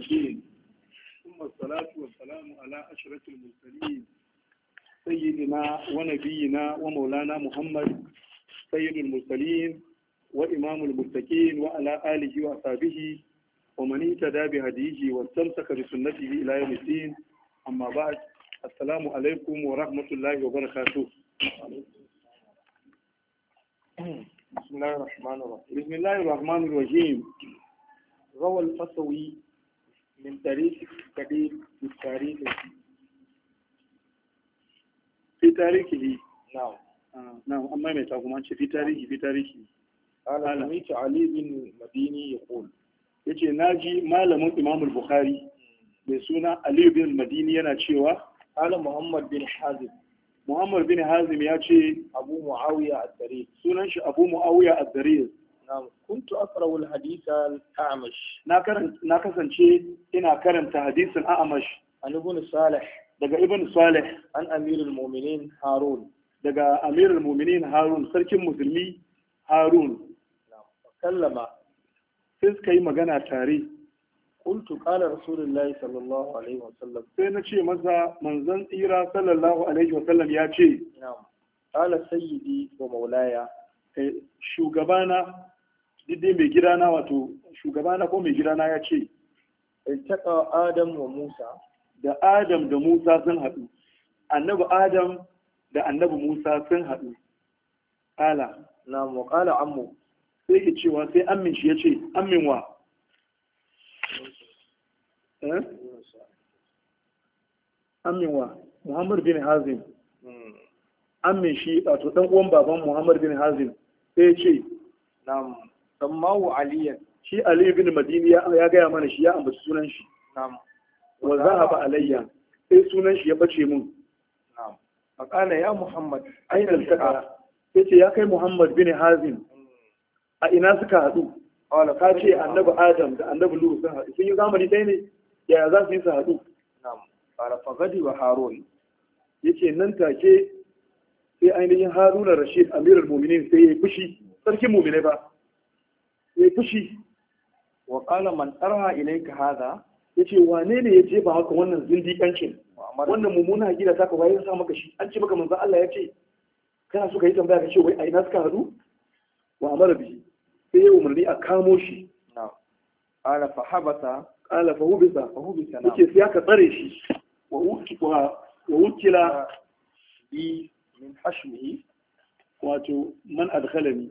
المرسلين ثم الصلاة والسلام على أشرة المرسلين سيدنا ونبينا ومولانا محمد سيد المرسلين وإمام المتقين وعلى آله وأصحابه ومن اهتدى بهديه واستمسك بسنته إلى يوم الدين أما بعد السلام عليكم ورحمة الله وبركاته بسم الله الرحمن الرحيم بسم الله الرحمن الرحيم روى الفصوي من طريق قديم بالتاريخ في تاريخه نعم نعم أما ما تقوم أنت في تاريخه في تاريخه أنا سمعت علي بن مديني يقول yace na ji malamin imam bukhari mai suna ali bin madini yana cewa ala muhammad bin hazim muhammad bin hazim ya ce abu muawiya ad-dari sunan shi abu muawiya ad-dari kuntu aqra'u al a al-a'mash na kasance ina karanta hadisin a'mash an ibn salih daga ibn salih an amirul mu'minin harun daga amirul mu'minin harun sarkin musulmi harun kallama sai magana tare qultu kala rasulullahi sallallahu alaihi wasallam sai na ce maza manzon tsira sallallahu alaihi wasallam ya ce na'am qala sayyidi wa maulaya eh, shugabana dai mai gidana wato shugabana ko mai gidana ya ce taɓa adam wa musa da adam da musa sun haɗu annabi adam da annabi musa sun haɗu ƙala na mu ƙala ammu sai ke cewa sai ammin shi ya ce ammin wa eh? ammin wa muhammad bin hazim hmm. ammin shi wato ɗan uwan baban muhammad bin hazim sai ya ce na mu. sammahu aliyan shi ali ibn madini ya gaya mana shi ya ambaci sunan shi na'am wa zahaba alayya sai sunan shi ya bace mun na'am kana ya muhammad aina al-taqa yace ya kai muhammad bin hazim a ina suka hadu qala ka ce annabi adam da annabi lut sun hadu sun yi zamani dai ne yaya za su yi su hadu na'am qala fagadi wa harun yace nan take sai ainihin haruna rashid amirul mu'minin sai ya yi fushi sarkin mu'minai ba ya fushi wa qala man arha haza Ya ce, wane ne ya jefa haka wannan zindiƙancin wannan mummuna gida ta kawai ya sa maka shi an ce maka manzo Allah ya ce kana so ka yi tambaya ka ce wai a ina suka hadu wa amara bi sai ya umarni a kamo shi qala fa habata qala fa hubisa fa hubisa Yake sai aka tsare shi wa ukila wa ukila bi min hashmihi wato man adkhalani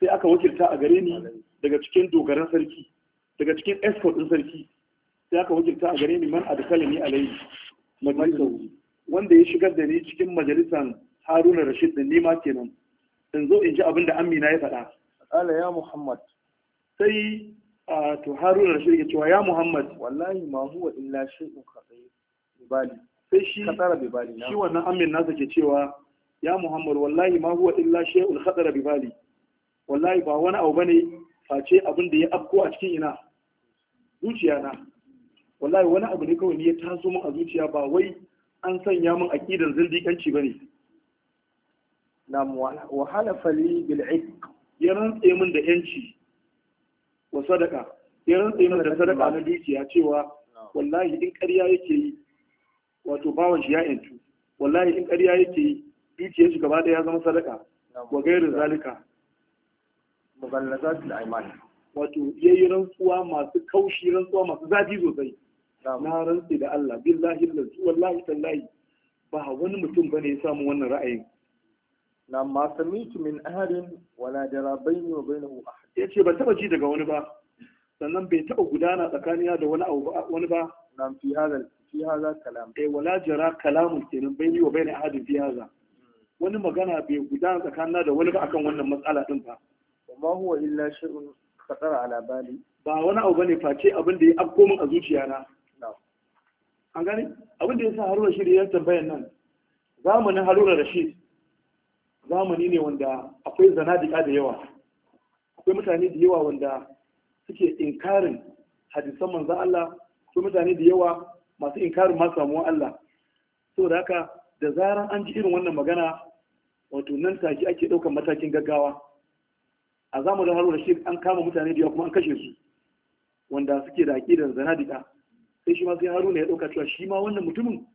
sai aka wakilta a gare ni daga cikin dogaran sarki daga cikin escort din sarki sai aka wakilta a gare ni man adkalani alayhi majalisa wanda ya shigar da ni cikin majalisan Haruna Rashid da nima kenan in zo in ji abin da Amina ya faɗa ala ya Muhammad sai to Haruna Rashid ya cewa ya Muhammad wallahi ma huwa illa shay'un khafi bali sai shi shi wannan amin nasa ke cewa ya Muhammad wallahi ma huwa illa shay'un khadara bi bali wallahi ba wani abu bane face abin da ya afko a cikin ina zuciya na wallahi wani abu ne kawai ne ya taso min a zuciya ba wai an sanya min aqidan zindiƙanci bane nam wa halafa li bil itq ya rantse min da yanci wa sadaka ya rantse min da sadaka na zuciya cewa wallahi in ƙarya yake yi wato bawan shi ya yantu wallahi in ƙarya yake yi zuciyar shi gaba ɗaya ya zama sadaka wa gairin zalika mughallazatul ayman wato yayi rantsuwa masu kaushi rantsuwa masu zafi sosai na rantsi da Allah billahi lillahi wallahi tallahi ba wani mutum bane ya samu wannan ra'ayin na ma samitu min ahadin wala jara baini wa bainahu ahad yace ba taba ji daga wani ba sannan bai taba gudana tsakaniya da wani abu wani ba na fi hadal fi hadha kalam eh wala jara kalamun kenan baini wa bain ahadin fi hadha hmm. wani magana bai gudana tsakanina da wani ba akan wannan matsala din ba ma huwa illa shay'un khatara a labari. ba wani abu bane face abin da ya afko min a zuciya na an gani abin da ya sa Haruna Rashid ya tambayan nan zamanin Haruna Rashid zamani ne wanda akwai zanadika da yawa akwai mutane da yawa wanda suke inkarin hadisan manzan Allah akwai mutane da yawa masu inkarin ma samuwa Allah saboda haka da zaran an ji irin wannan magana wato nan take ake ɗaukar matakin gaggawa a zamanin haruna shi an kama mutane da kuma an kashe su wanda suke da aƙidar zanadika sai shi ma sai haruna ya ɗauka cewa shi ma wannan mutumin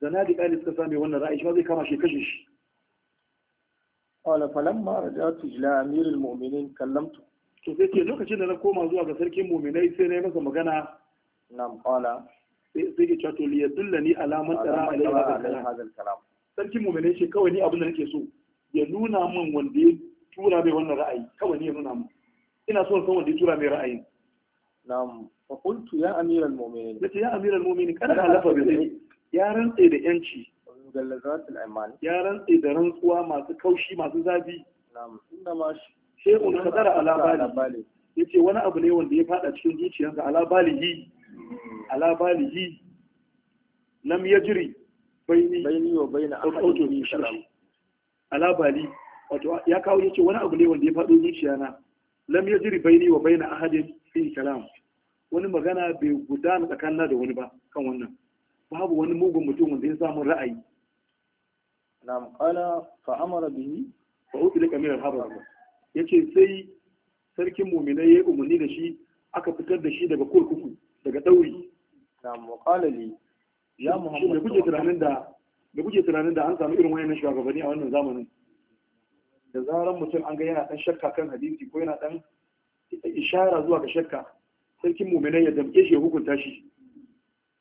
zanadika ne suka same wannan ra'ayi shi ma zai kama shi kashe shi ma da raja'tu ila amiril mu'minin kallamtu to sai ke lokacin da na koma zuwa ga sarkin mu'minai sai na yi masa magana nam qala sai ke cewa to li yadullani ala man tara alaihi hadha al kalam sarkin mu'minai ce kawai ni abin da nake so ya nuna min wanda ya tura mai wannan ra'ayi kawai ne ya nuna mu ina so san wanda ya tura mai ra'ayin na'am fa qultu ya amiral mu'minin nace ya amiral mu'minin kada halafa bi zai ya rantse da yanci mugallazatul aiman ya rantse da rantsuwa masu kaushi masu zafi na'am inda ma shay'un qadara ala bali yace wani abu ne wanda ya fada cikin zuciyarsa ala balihi hmm. ala balihi lam yajri baini baini wa baina ahadin min sharri ala bali wato ya kawo yace wani abu ne wanda ya faɗo zuciya na lam yajri baini wa baina ahadin fi kalam wani magana bai gudana tsakanina da wani ba kan wannan babu wani mugun mutum wanda ya samu ra'ayi nam qala fa amara bihi fa utlika min al-habar yace sai sarkin mu'minai ya umarni da shi aka fitar da shi daga kurkuku daga dauri nam qala li ya muhammad da kuke tunanin da da kuke tunanin da an samu irin wayannan shugabanni a wannan zamanin da zarar mutum an ga yana ɗan shakka kan hadisi ko yana ɗan ishara zuwa ga shakka sarkin muminai ya damke shi ya hukunta shi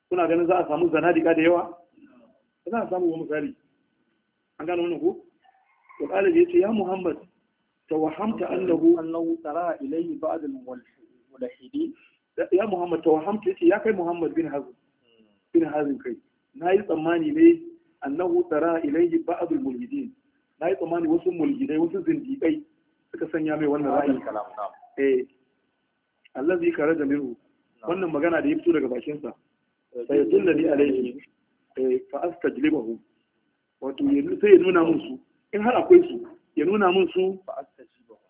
kuna ganin za a samu zanadika da yawa ba za a samu wani misali an gano wannan ko to kala ya ce ya muhammad tawahamta annahu annahu tara ilayhi ba'd al-mulhidin ya muhammad tawahamta yace ya kai muhammad bin hazm bin hazm kai nayi tsammani ne annahu tara ilayhi ba'd al-mulhidin na yi tsammani wasu mulgidai wasu zindiƙai suka sanya mai wannan ra'ayi eh Allah zai kare da minhu wannan magana da ya fito daga bakinsa sai dinna ni alaihi eh fa astajlibahu wato sai ya nuna musu su in har akwai su ya nuna musu su fa astajlibahu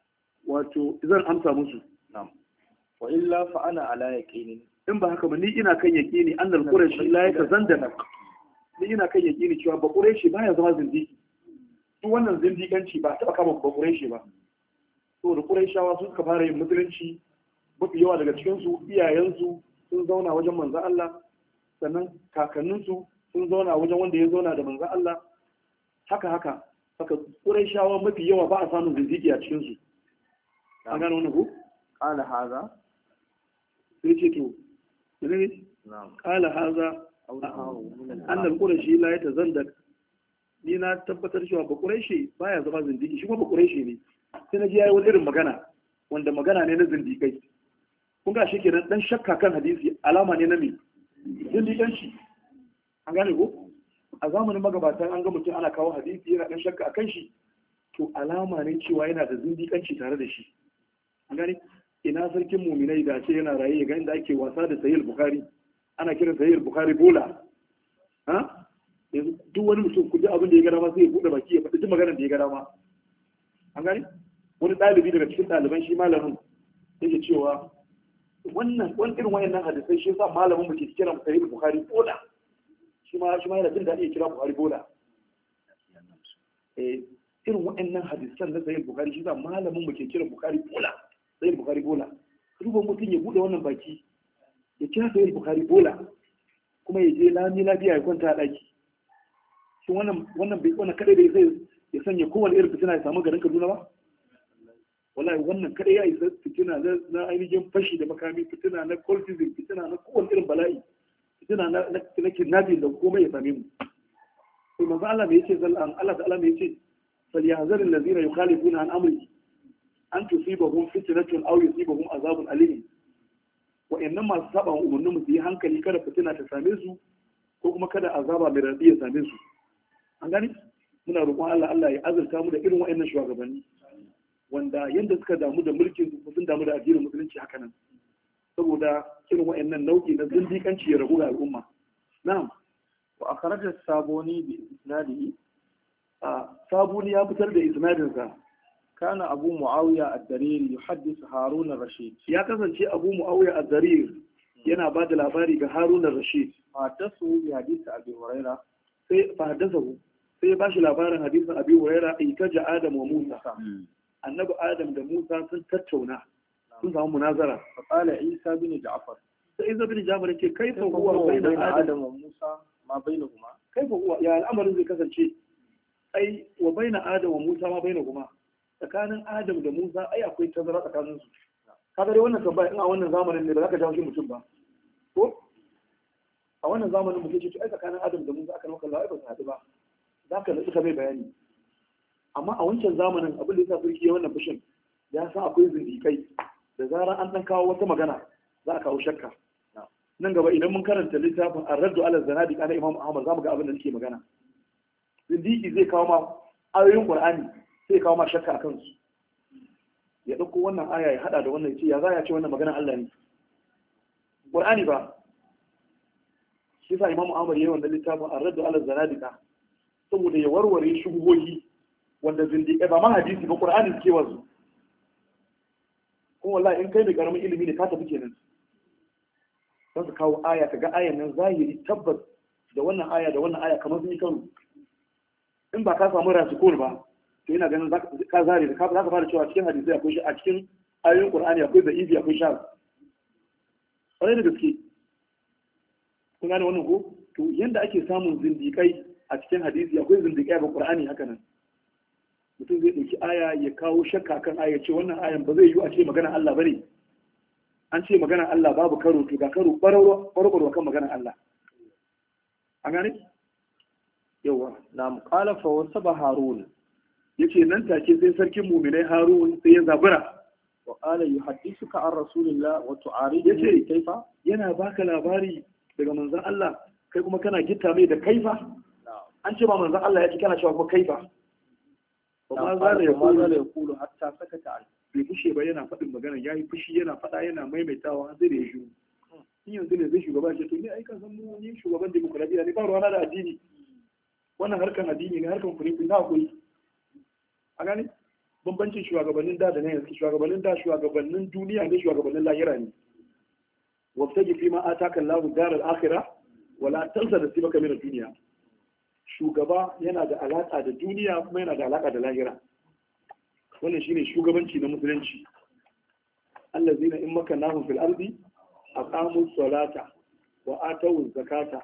wato zan amsa musu na'am wa illa fa ana ala yaqinin in ba haka ba ni ina kan yaqini annal quraish la yakazandana ni ina kan yaqini cewa ba quraishi baya zama zindiki su wannan zindiganci ba taɓa kama ba ƙureshi ba saboda shawa sun ka fara yin musulunci mafi yawa daga cikinsu iyayensu sun zauna wajen manzan Allah sannan kakanninsu sun zauna wajen wanda ya zauna da manzan Allah haka haka haka shawa mafi yawa ba a samun zindigi a cikinsu an gano wani ku? ƙala haza sai ce to ƙala haza annal ƙurashi la ya ta da ni na tabbatar cewa ba baya zama zindiki shi kuma bakureshi ne sai na ji yayi wani irin magana wanda magana ne na zindikai kun ga shi kenan dan shakka kan hadisi alama ne na me zindikanci an gane ko a zamanin magabatan an ga mutum ana kawo hadisi yana dan shakka akan shi to alama ne cewa yana da zindikanci tare da shi an gane ina sarkin muminai da ce yana raye ga inda ake wasa da sahih bukhari ana kiran sahih bukhari bola ha duk wani mutum ku ji abin da ya gara ma sai ya buɗe baki ya faɗi duk maganar da ya gara ma an gani wani ɗalibi daga cikin ɗaliban shi malamin yake cewa wannan wani irin wayannan hadisai shi yasa malamin mu ke kira mu sahih bukhari bola shi ma shi ma yana jin daɗi ya kira bukhari bola eh irin wayannan hadisan na sahih bukhari shi yasa malamin mu ke kira bukhari bola sahih bukhari bola duba mutum ya buɗe wannan baki ya kira sahih bukhari bola kuma ya je lami lafiya ya kwanta a ɗaki shi wannan wannan bai wannan kadai bai sai ya sanya kowane irin fitina ya samu garin Kaduna ba wallahi wannan kadai ya isa fitina na ainihin fashi da makami fitina na cultism fitina na kowane irin bala'i fitina na na kidnapping da komai ya same mu to manzo Allah me yace zallan Allah ta'ala me yace falyahzar allazina yukhalifuna an amri an tusibahum fitnatun aw yusibahum azabun alim wa'annan masu saba umarnin mu su yi hankali kada fitina ta same su ko kuma kada azaba mai raɗi ya same su an gani muna roƙon Allah Allah ya azurta mu da irin wa'annan shugabanni wanda yadda suka damu da mulkin su sun damu da addinin musulunci haka nan saboda irin wa'annan nau'i na zindiƙanci ya rabu ga al'umma na'am wa akhraja saboni bi isnadihi a saboni ya fitar da isnadin sa kana abu muawiya ad-darir yuhaddith harun ar-rashid ya kasance abu muawiya ad-darir yana ba da labari ga harun ar-rashid fa tasu bi hadith abi huraira sai fa hadasahu sai ba shi labarin hadisin abi huraira itaja adam wa musa hmm. annabi adam da musa sun tattauna sun samu munazara fa qala isa bin ja'far sai isa bin ja'far yake kai fa huwa bayna adam wa musa ma bainahuma kai fa huwa ya al'amarin zai kasance ai wa bayna adam wa musa ma bainahuma tsakanin adam da musa ai akwai tazara tsakanin su kaga wannan tambaya in a wannan zamanin ne ba za ka jawo shi mutum ba ko a wannan zamanin mutum ce ai tsakanin adam da musa aka nuka lawa ba su haɗu ba za ka nutsu ka mai bayani amma a wancan zamanin abin da ya sa sarki ya wannan fushin ya san akwai zindikai da zarar an ɗan kawo wata magana za a kawo shakka nan gaba idan mun karanta littafin arraddu ala zanadi kana imam ahmad za mu ga abin da nake magana zindiki zai kawo ma ayoyin qur'ani sai kawo ma shakka akan su ya ɗauko wannan aya ya haɗa da wannan ya ce ya za ya ce wannan magana Allah ne qur'ani ba shi sa imam ahmad yayin wannan littafin arraddu ala zanadiqa saboda ya warware shubuhohi wanda zindiƙa eh, ba ma hadisi ba ƙur'ani suke wasu kuma wallahi in kai mai ƙaramin ilimi ne ka tafi kenan don su kawo aya ka ga ayan nan zahiri tabbas da wannan aya da wannan aya kamar sun yi karo in ba ka samu rasikol ba to ina ganin ka zare da ka fara cewa cikin hadisi akwai shi a cikin ayoyin qur'ani akwai da izi akwai sha ƙwarai da gaske kun gane wannan ko to yanda ake samun zindiƙai a cikin hadisi akwai zindiƙa ba ƙur'ani haka nan mutum zai ɗauki aya ya kawo shakka kan aya ce wannan ayan ba zai yiwu a ce magana Allah ba ne? an ce magana Allah babu karo to ga karo barbarwa kan magana Allah an gane yawa na muƙala fa Haruna. harun ce nan take sai sarkin mu'minai harun sai ya zabura wa qala suka an rasulillah wato tu'aridu ya kaifa yana baka labari daga manzan Allah kai kuma kana gitta mai da kaifa an ce ba zan Allah ya ce kana cewa ko kai ba ba ma za ya kula hatta sakata an bai fushe ba yana faɗin magana ya yi fushi yana faɗa yana maimaitawa an zai da ya shiru in yanzu ne zai shugaba ce to ni ai kan san mu ni shugaban demokradiya ne ba ruwana da addini wannan harkan addini ne harkan kuri na kuri a gani bambancin shugabannin da da na yanzu shugabannin da shugabannin duniya ne shugabannin lahira ne wabtaji fi ma ataka Allahu daral akhirah wala tansa da sibaka min ad-dunya shugaba yana da alaƙa da duniya kuma yana da alaƙa da lahira wannan shine shugabanci na musulunci allazina in makannahum fil ardi aqamu salata wa atu zakata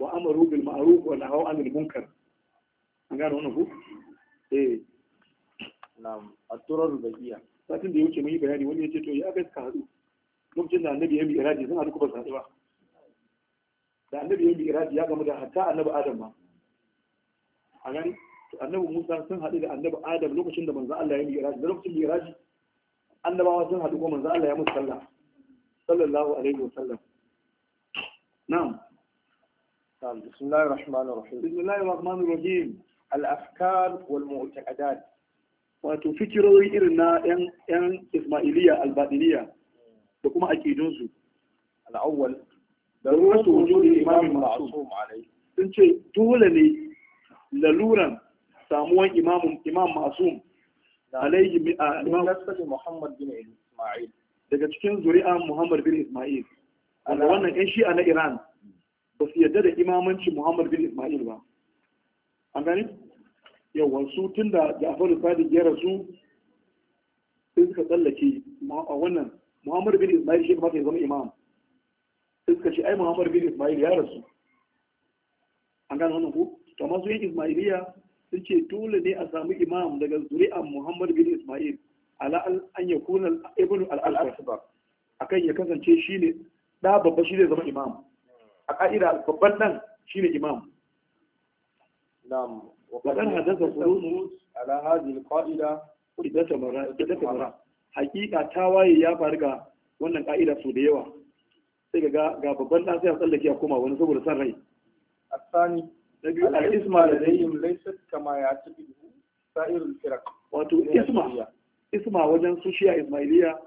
wa amaru bil ma'ruf wa nahaw anil munkar an gane wannan ku eh na'am aturar turar baqiya satin da yake mai bayani wani yace to ya ga ka hadu lokacin da annabi ya bi iraji sun hadu kuma ba da annabi ya bi iraji ya gamu da hatta annabi adam ma a gani to annabi Musa sun haɗu da annabi Adam lokacin da manzo Allah ya yi miraji da lokacin miraji annabawa sun haɗu ko manzo Allah ya musu sallah sallallahu alaihi wa sallam na'am بسم الله الرحمن الرحيم بسم الله الرحمن الرحيم الأفكار والمعتقدات wato fikirori irin na ‘yan Ismailiyya albadiliya da kuma akidunsu. Al'awwal, da ruwa su wujo da imamin masu sun ce dole ne laluran samuwan imamun imam masum alaihi Muhammad bin Ismail daga cikin zuri'a Muhammad bin Ismail wanda wannan yan shi'a na Iran ba su yadda da imamanci Muhammad bin Ismail ba an gani yawan su tun da Ja'far Sadiq ya rasu sai suka tsallake a wannan Muhammad bin Ismail shi kuma ya zama imam sai suka ce ai Muhammad bin Ismail ya rasu an gani wannan ku to masu yin ismailiya sun ce dole ne a samu imam daga zuri'an muhammad bin ismail ala an ya kuna ibn al a akan ya kasance shi ne ɗa babba shi zai zama imam a ƙa'ida babban nan shi ne imam وقد حدث خروج على هذه القاعدة إذا تمرأ إذا تمرأ حقيقة تاواي يا فارقة wannan ƙa'ida su da yawa sai ga ga babban ɗan sai a tsallake a koma wani saboda san rai asani na biyu al'isma da dayim laisat kama ya tafi sa'irin firak wato isma isma wajen su shiya ismailiya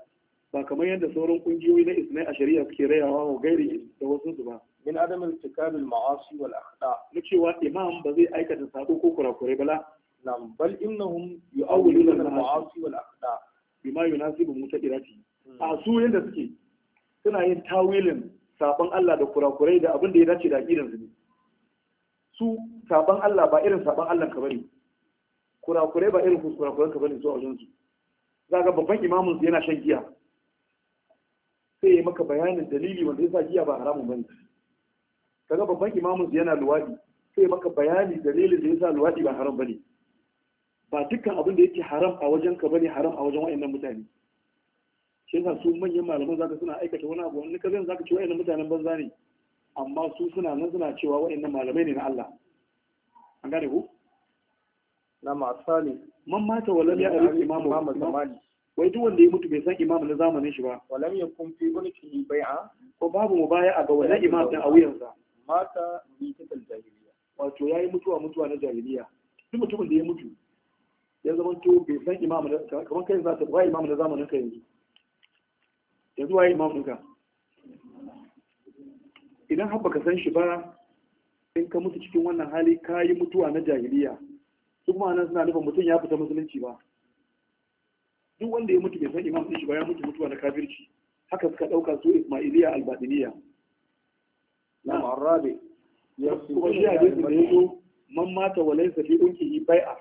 ba kamar yadda sauran kungiyoyi na ismai a shari'a suke rayawa wa gairi da wasu su ba min adam irtikalul ma'asi wal akhda na cewa imam ba zai aikata sako ko kurakurai bala nam bal innahum yu'awwiluna al ma'asi wal akhda bima yunasibu mutaqirati hmm. a su yadda suke suna yin tawilin sabon Allah da kurakurai da abin da ya dace da aqidan su ne su saban Allah ba irin saban Allah ka bane kurakurai ba irin kurakuran ka bane zuwa wajen su zaka babban imamun su yana shan giya sai ya maka bayanin dalili wanda yasa giya ba haramun bane kaga babban imamun su yana luwadi sai ya maka bayani dalilin da yasa luwadi ba haram bane ba dukkan abin da yake haram a wajen ka bane haram a wajen wayannan mutane shi yasa su manyan malaman zaka suna aikata wani abu wani kazan zaka ce wayannan mutanen banza ne amma su suna nan suna cewa waɗannan malamai ne na Allah an gane ku na ne. man mata walam ya arif imamu zamani wai duk wanda ya mutu bai san imamu na zamanin shi ba walam ya kun fi cikin bai'a ko babu mu baya a ga wani imam din a wuyansa mata bi ta jahiliya wato yayi mutuwa mutuwa na jahiliya duk mutumin da ya mutu ya zama to bai san imamu na kamar kai za ta ba imamu na zamanin ka yanzu yanzu waye imamu ɗinka idan har baka san shi ba in ka mutu cikin wannan hali ka yi mutuwa na jahiliya su kuma nan suna nufin mutum ya fita musulunci ba duk wanda ya mutu bai san imam ɗin shi ba ya mutu mutuwa na kafirci haka suka ɗauka su ismailiya albadiniya na marabe wani ya hadisin da ya zo man mata wa laysa fi yi bai'a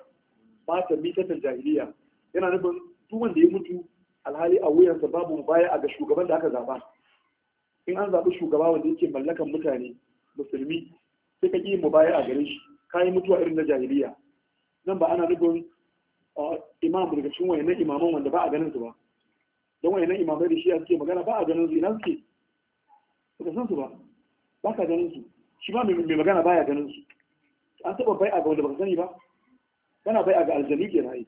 mata mitatan jahiliya yana nufin duk wanda ya mutu alhali a wuyansa babu baya ga shugaban da aka zaba in an zaɓi shugaba wanda yake mallakan mutane musulmi sai ka ƙi mu bayar a gare shi ka yi mutuwa irin na jahiliya nan ba ana nufin imam daga cikin wayannan imaman wanda ba a ganin su ba don wayannan imamai da shi suke magana ba a ganin su ina suke ba san su ba ba ka ganin su shi ma mai magana baya ganin su an taɓa bai a ga wanda ba ka sani ba kana bai a ga aljani ke na yi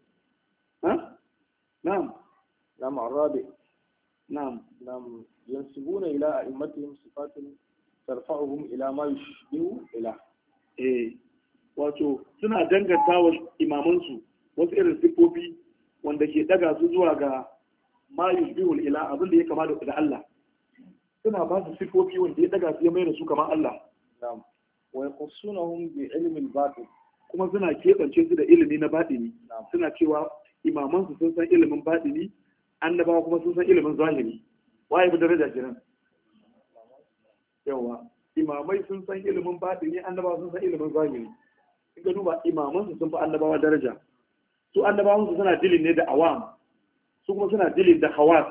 na'am na'am arabi na'am na'am yansubuna ila a'immatihim sifatun tarfa'uhum ila ma yushbihu ila eh wato suna danganta wa imamansu wasu irin siffofi wanda ke daga su zuwa ga ma yushbihu ila abin da ya kama da Allah suna ba su sifofi wanda ya daga su ya mai da su kama Allah na'am wa yaqsunahum bi ilmi al-batin kuma suna keɓance su da ilimi na baɗini suna cewa imamansu sun san ilimin baɗini annabawa kuma sun san ilimin zahiri waye dare daraja kiran yawa imamai sun san ilimin batini annabawa sun san ilimin zahiri in ga duba imaman su sun fi annabawa daraja su annabawan su suna dilin ne da awam su kuma suna dilin da hawas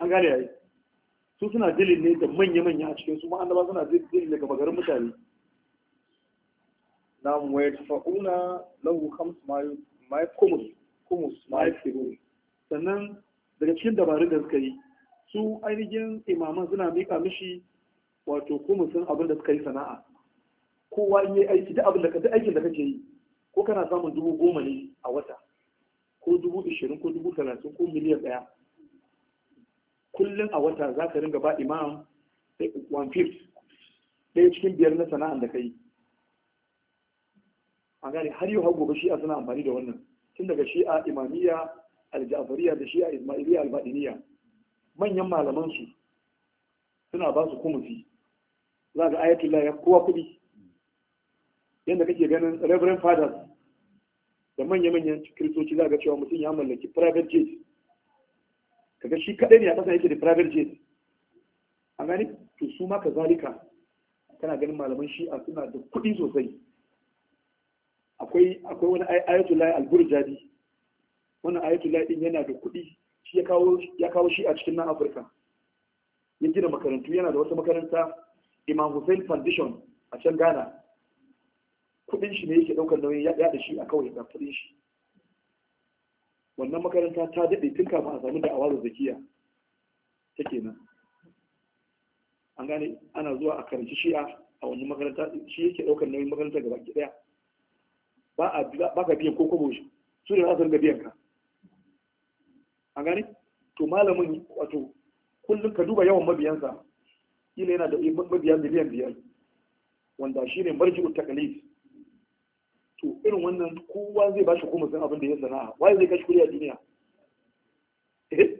an gane yayi su suna dilin ne da manya-manya a cikin su ma annabawa suna dilin ga magarin mutane nam wa yadfa'una lahu khams ma kumus kumus ma sannan daga cikin dabarun da suka yi su ainihin imaman suna miƙa mishi wato sun abin da suka yi sana'a kowa in yi aiki da abin da duk aikin da kake yi ko kana samun dubu goma ne a wata ko dubu ishirin ko dubu talatin ko miliyan ɗaya kullum a wata za ka ringa ba imam one fifth ɗaya cikin biyar na sana'an da ka yi a gane har yau har gobe shi'a suna amfani da wannan tun daga shi'a imamiyya alja'afariya da shi'a ismailiyya albadiniya manyan malaman su suna ba su kumufi za ga la ya kowa kuɗi yadda kake ganin reverend fathers da manya-manyan kiristoci za ga cewa mutum ya mallaki private jet kaga shi kadai ne a kasa yake da private jet a gani to su ma kazalika kana ganin malaman a suna da kuɗi sosai akwai wani ayatullah al-burjadi wannan la din yana da kuɗi shi ya kawo shi a cikin nan afirka ya gina makarantu yana da wata makaranta imam hussein foundation a can ghana kudin shi ne yake daukar nauyin ya da shi a kawai da kudin shi wannan makaranta ta daɗe tun kafin a samu da awazar zakiya ta kenan an gane ana zuwa a karanci shi'a a wannan makaranta shi yake daukar nauyin makaranta gaba ki daya ba ka biyan ko kobo shi su ne za su biyan ka a gani to malamin wato kullum ka duba yawan mabiyansa ila yana da mabiya miliyan biyar wanda shi ne marji takalif to irin wannan kowa zai ba shi kuma sun abin da ya sana'a waye zai kashi kuri a duniya eh?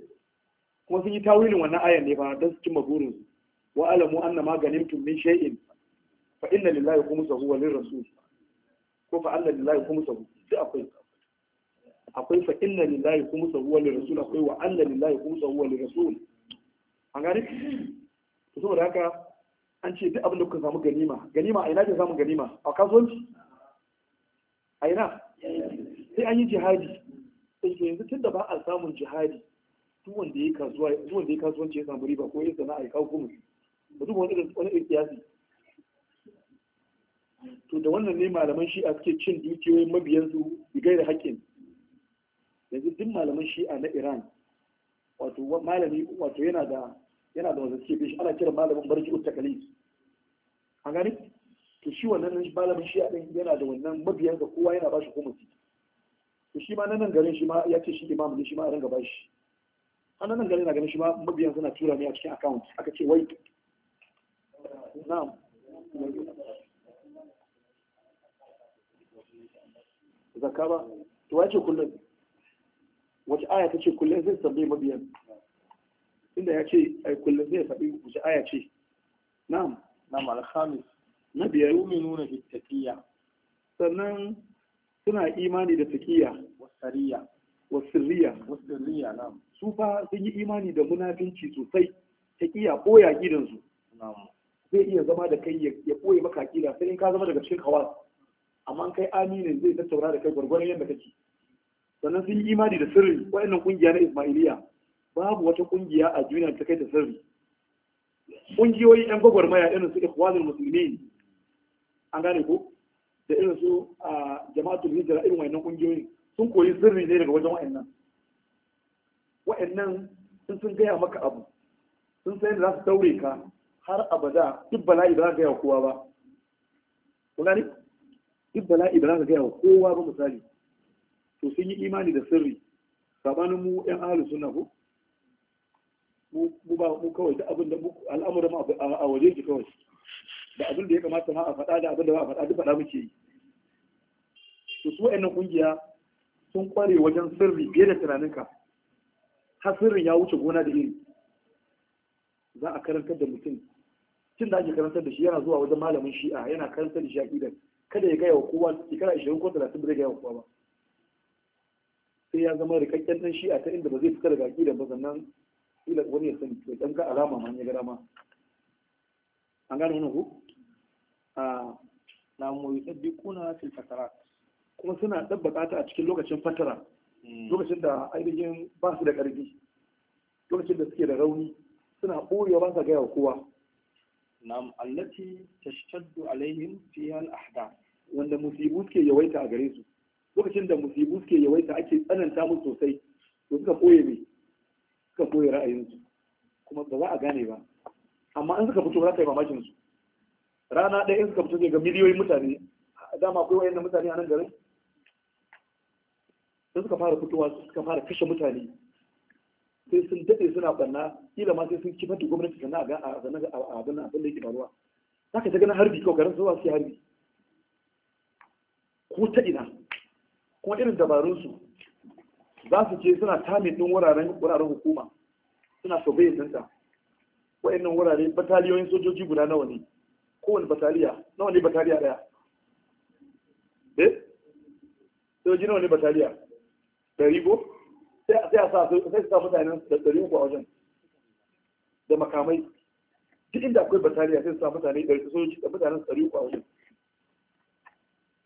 kuma sun yi tawilin wannan ayan ne ba don su cimma burin wa alamu anna ma ganimtum min shay'in fa inna lillahi khumsahu wa lirrasul ko fa anna lillahi khumsahu sai akwai akwai fa inna lillahi kuma sahuwa li rasul akwai wa anna lillahi kuma sahuwa li rasul an gani? to saboda haka an ce duk abin da kuka samu ganima ganima a ina ke samu ganima a kasuwanci a ina sai an yi jihadi sai ke yanzu tunda ba a samun jihadi duk wanda ya kasuwa duk wanda ya kasuwanci ya samu riba ko ya sana'a ya kawo kuma ba duk wani wani kiyasi to da wannan ne malaman shi a suke cin dukiyoyin mabiyansu bigai da haƙƙin yanzu duk malaman shi'a na iran wato malami wato yana da yana da shi ana kira malamin barci utakali a gani to shi wannan malamin shi'a din yana da wannan mabiyan ga kowa yana bashi komiti to shi ma nan garin shi ma ya ce shi imam ne shi ma a ranga bashi a nan garin na ganin shi ma mabiyan suna tura ne a cikin account aka ce wai na'am zaka ba to wace kullum wace aya ta ce kullum zai sabbi mabiyan inda ya ce ai kullum zai sabbi wace aya ce na'am na'am alhamis na biyar nuna bi taqiyya sannan suna imani da taqiyya wasariya wasirriya wasirriya na'am su fa sun yi imani da munafinci sosai taqiyya koya gidansu. na'am zai iya zama da kai ya koya maka kila sai in ka zama daga cikin kawas amma kai aminin zai tattauna da kai gwargwaron yadda kake sannan sun yi imani da sirri wa'annan kungiya na ismailiya babu wata kungiya a duniya ta kai da sirri kungiyoyi yan gwagwarmaya irin su ikhwanul muslimin an gane ko da irin su a jama'atul hijra irin wa'annan kungiyoyi sun koyi sirri ne daga wajen wa'annan wa'annan sun sun gaya maka abu sun san yadda za su daure ka har abada duk bala'i ba za ka gaya wa kowa ba kun gane duk bala'i ba za ka gaya wa kowa ba misali to sun yi imani da sirri sabanin mu yan ahlus sunna ko mu ba mu kawai da abin da al'amuran mu a waje ki kawai da abin da ya kamata ma a faɗa da abin da ba a faɗa duk faɗa muke yi to su wa'annan kungiya sun kware wajen sirri fiye da tunaninka har sirrin ya wuce gona da iri za a karantar da mutum tun da ake karantar da shi yana zuwa wajen malamin shi'a yana karantar da shi aƙidar kada ya gaya wa kowa shekara ashirin ko talatin ba zai gaya wa kowa ba sai ya zama rikakken dan a ta inda ba zai fita daga gidan ba sannan kila wani ya sani ya danka alama ma ya ga an gane wannan ku a na mu yaddiquna fil fatara kuma suna dabbaka ta a cikin lokacin fatara hmm. lokacin da ainihin ba su da karfi lokacin da suke da rauni suna ɓoyewa ba sa gaya wa kowa nam allati tashtaddu alaihim fiha al wanda musibu suke yawaita a gare su lokacin da musibu suke yawaita ake tsananta musu sosai to suka koye me suka koye ra'ayinsu kuma ba za a gane ba amma in suka fito za ka yi mamakin su rana ɗaya in suka fito ga miliyoyin mutane dama akwai wayan mutane a nan garin sai suka fara fitowa suka fara kashe mutane sai sun daɗe suna ɓanna kila ma sai sun kifar da gwamnati sannan a ga abin da yake faruwa za ka ta ganin harbi kawai garin zuwa sai harbi ko ta ina kuma irin dabarunsu za su je suna tame ɗin wuraren wuraren hukuma suna sobe santa wa'annan wurare bataliyoyin sojoji guda nawa ne kowane bataliya nawa ne bataliya ɗaya eh sojoji nawa ne bataliya ɗari ko sai a sa sai su sa mutanen da ɗari uku a wajen da makamai duk inda akwai bataliya sai su sa mutane ɗari sojoji da mutanen ɗari uku a wajen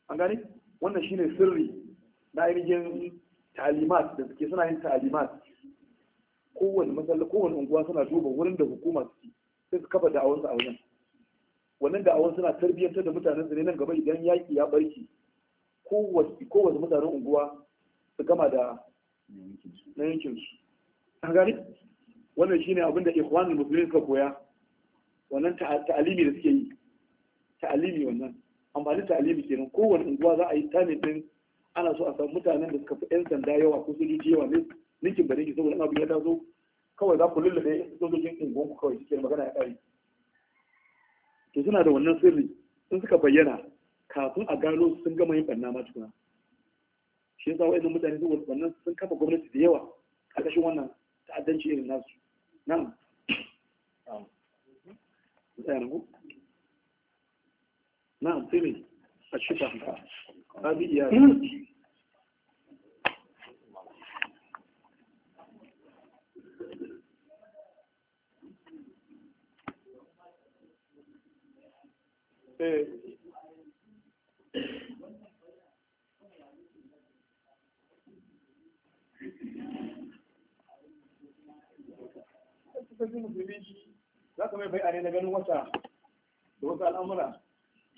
an gani wannan shine sirri na ainihin talimat da suke suna yin talimat kowane matsala kowane unguwa suna duba wurin da hukuma suke sai su kafa su a wajen wannan da'awar suna tarbiyyantar da mutanen su ne nan gaba idan yaƙi ya barke kowace mutanen unguwa su gama da na yankin su an gani wannan shine abin da ikhwanul musulmi suka koya wannan ta'alimi da suke yi ta'alimi wannan amfani ta'alimi kenan kowane unguwa za a yi tamin din ana so a san mutanen da suka fi 'yan sanda yawa ko sojoji yawa ne ninkin bane ki saboda biyar ya zo kawai za ku lullube sojojin unguwan ku kawai cikin magana ya kare to suna da wannan sirri sun suka bayyana kafin a gano sun gama yin barna ma tukuna shi yasa wa'annan mutane saboda wannan sun kafa gwamnati da yawa a ƙarshen wannan ta'addanci irin nasu nan na'am sai ne a cikin zaka musulmi bai a mai bayani na ganin wata da wasu al'amura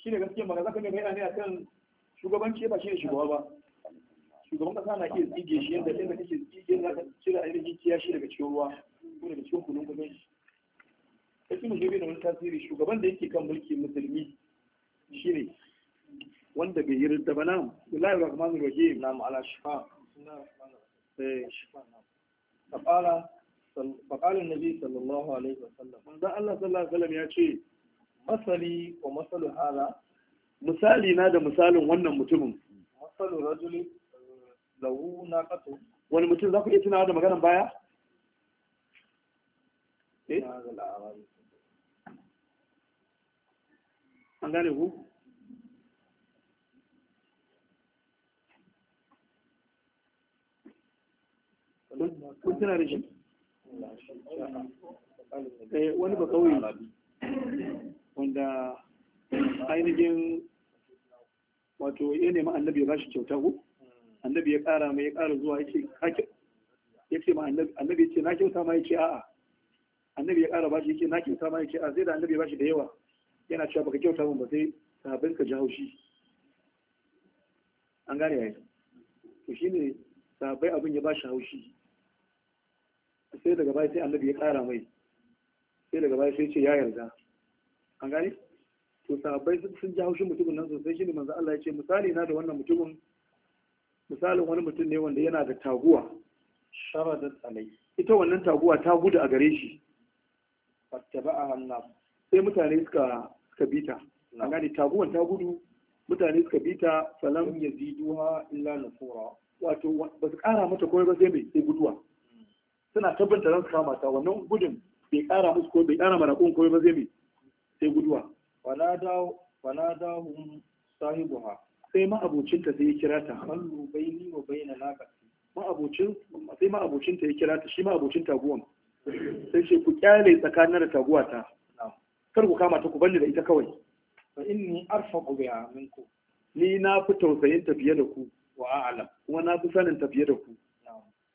shi ne gaskiya magana za ka mai bayani a kan shugabanci ba shi ne shugaba ba shugaban kasa na iya tsige shi yadda ta kake tsige za ka cire ainihin kiyashi daga cikin ruwa ko daga cikin kunun kudin shi sai mu biyu da wani tasiri shugaban da yake kan mulki musulmi shi ne wanda bai yi rinta ba nan billahi rahman rahim na ma'ala shifa eh, faƙala faƙalin nabi sallallahu alaihi wasallam manzon Allah sallallahu alaihi wasallam ya ce masali wa masalu hala misali na da misalin wannan mutumin masalin rajuli eh, lahu naqatu wani mutum za ku iya tunawa da maganar baya eh an gane ku kun tuna da shi eh, wani ba kawai wanda ainihin wato ya nemi annabi ya bashi kyauta ko annabi ya kara mai ya kara zuwa ya ce ma annabi ya ce na kyauta ma ya ce a'a annabi ya kara bashi ya ce na kyauta ma ya ce a'a sai da annabi ya bashi da yawa yana cewa baka kyauta min ba sai sabin ka ji haushi an gane yayi to shine sabai abin ya bashi haushi sai daga baya sai annabi ya kara mai sai daga baya sai ce ya yarda an gane to sahabbai sun ji haushin mutumin nan sosai shine manzo Allah ya ce misali na da wannan mutumin misalin wani mutum ne wanda yana da taguwa sharadat alai ita wannan taguwa ta gudu a gare shi fattaba'aha an sai mutane suka suka bita an gane taguwan ta gudu mutane suka bita falam yaziduha illa nufura wato ba su kara mata komai ba sai mai sai guduwa hmm. suna tabbata ran su kama ta wannan gudun bai kara musu ko bai kara marakon komai ba zai mai sai guduwa fanadahum sahibuha sai ma'abocinta sai ya kira ta hannu baini wa baina naqati ma'abocin sai ma'abocinta ya kira ta shi ma'abocin taguwan sai ce ku kyale tsakanin da taguwa ta kar ku kama ta ku balle da ita kawai fa inni arfaqu biha minku. ni na fi tausayin tafiye da ku wa a'lam kuma na fi sanin tafiye da ku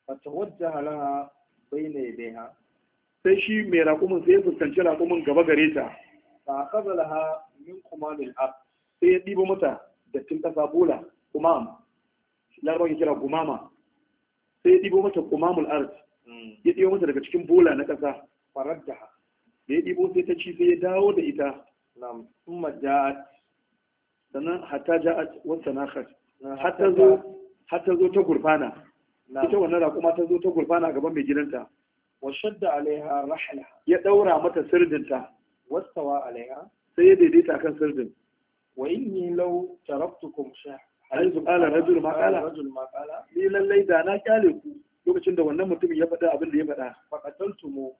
fa tawajjaha laha baina yadayha sai shi mai raƙumin sai ya fuskanci raƙumin gaba gare ta fa akaza laha min kumanil ab sai ya ɗibo mata dattin ƙasa bola kumam larabar ya kira gumama sai ya ɗibo mata kumamul ard ya ɗibo mata daga cikin bola na ƙasa farar da ya ɗibo sai ta ci sai ya dawo da ita nam summa ja'at sannan hatta ja'at wata nakhat hatta zo hatta zo ta gurfana ita wannan kuma ta zo ta gurfana gaban mai gidanta wa shadda alaiha rahla ya daura mata sirdinta wastawa alaiha sai ya daidaita kan sirdin wa in law lau sha alaihi qala rajul ma rajul ma ni lallai da na kyale ku lokacin da wannan mutumin ya faɗa abin da ya faɗa faqataltumu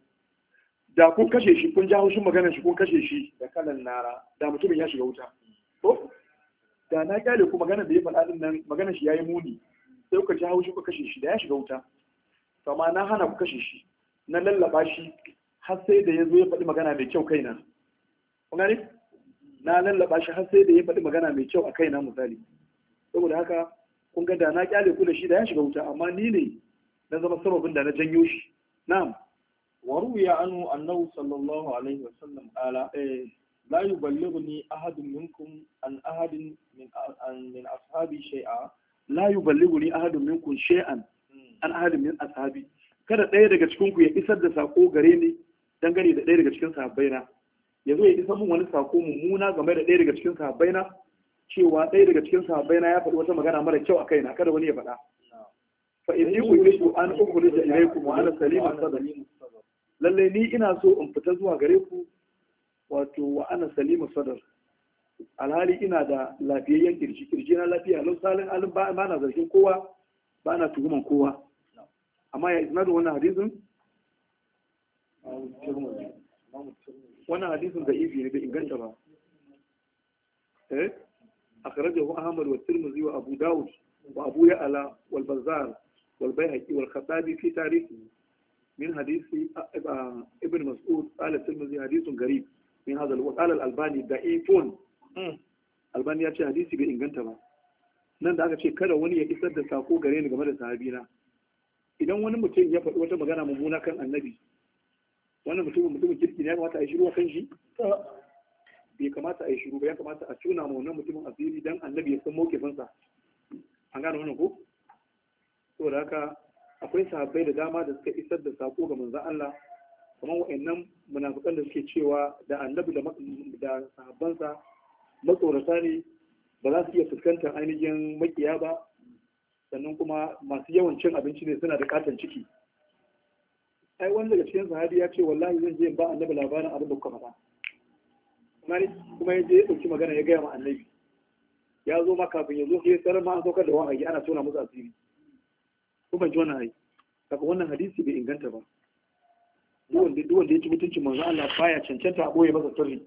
da kun kashe shi kun jawo shi magana shi kun kashe shi da kalan nara da mutumin ya shiga wuta to da na kyale ku magana da ya faɗa din nan magana shi yayi muni sai kuka jawo shi kuka kashe shi da ya shiga wuta to ma na hana ku kashe shi na lallaba shi har sai da ya zo ya faɗi magana mai kyau kaina kun gane na lallaba shi har sai da ya faɗi magana mai kyau a kaina misali saboda haka kun ga da na kyale ku da shi da ya shiga wuta amma ni ne na zama sababin da na janyo shi na'am wa ruwiya anhu annahu sallallahu alaihi wa sallam qala eh la yuballighuni ahadun minkum an ahadin min min ashabi shay'a la yuballighuni ahadun minkum shay'an hmm. an ahadin min ashabi kada ɗaya daga cikin ku ya isar da sako gare ni dangane da ɗaya daga cikin sahabbai na yanzu ya isa mun wani sako mummuna game da ɗaya daga cikin sahabbai na cewa ɗaya daga cikin sahabbai na ya faɗi wata magana mara kyau a kaina kada wani ya faɗa fa in yi ku yishu an ukuri da ilaikum wa ana salima sadari lalle ni ina so in fita zuwa gare ku wato wa ana salima sadar alhali ina da lafiyayyen kirji kirji na lafiya lau salin alin ba na zargin kowa ba na tuhuman kowa amma ya isnadu wannan hadisin wannan hadisin da ibi ne bai inganta ba eh akhrajahu ahmad wa tirmidhi wa abu daud wa abu ya'la wal bazzar wal bayhaqi wal khatabi fi tarihi min hadisi eh, ah, ibn mas'ud qala tirmidhi hadithun gharib min hadha wa qala al albani da'ifun hmm. albani ya ce hadisi bai inganta ba nan da aka ce kada wani ya isar da sako gare ni game da sahabina idan wani mutum ya faɗi wata magana mummuna kan annabi wannan mutumin mutumin kirki ne ya kamata a yi shiru a kan shi bai kamata a yi shiru ba ya kamata a tuna ma wannan mutumin asiri dan annabi ya san sa an gane wannan ko da haka akwai sahabbai da dama da suka isar da sako ga manzon Allah kamar wa'annan munafikan da suke cewa da annabi da sahabbansa matsorata ne ba za su iya fuskantar ainihin makiya ba sannan kuma masu yawancin abinci ne suna da katon ciki ai wani daga cikin sahabi ya ce wallahi zan je ba annabi labarin abin da kuka faɗa kuma ya je ya ɗauki magana ya gaya ma annabi ya zo ma kafin ya zo sai sarar ma an saukar da wahayi ana tona musu asiri ko ban ji wannan ai kafin wannan hadisi bai inganta ba duk wanda ya ci mutuncin manzo Allah baya cancanta a boye masa sirri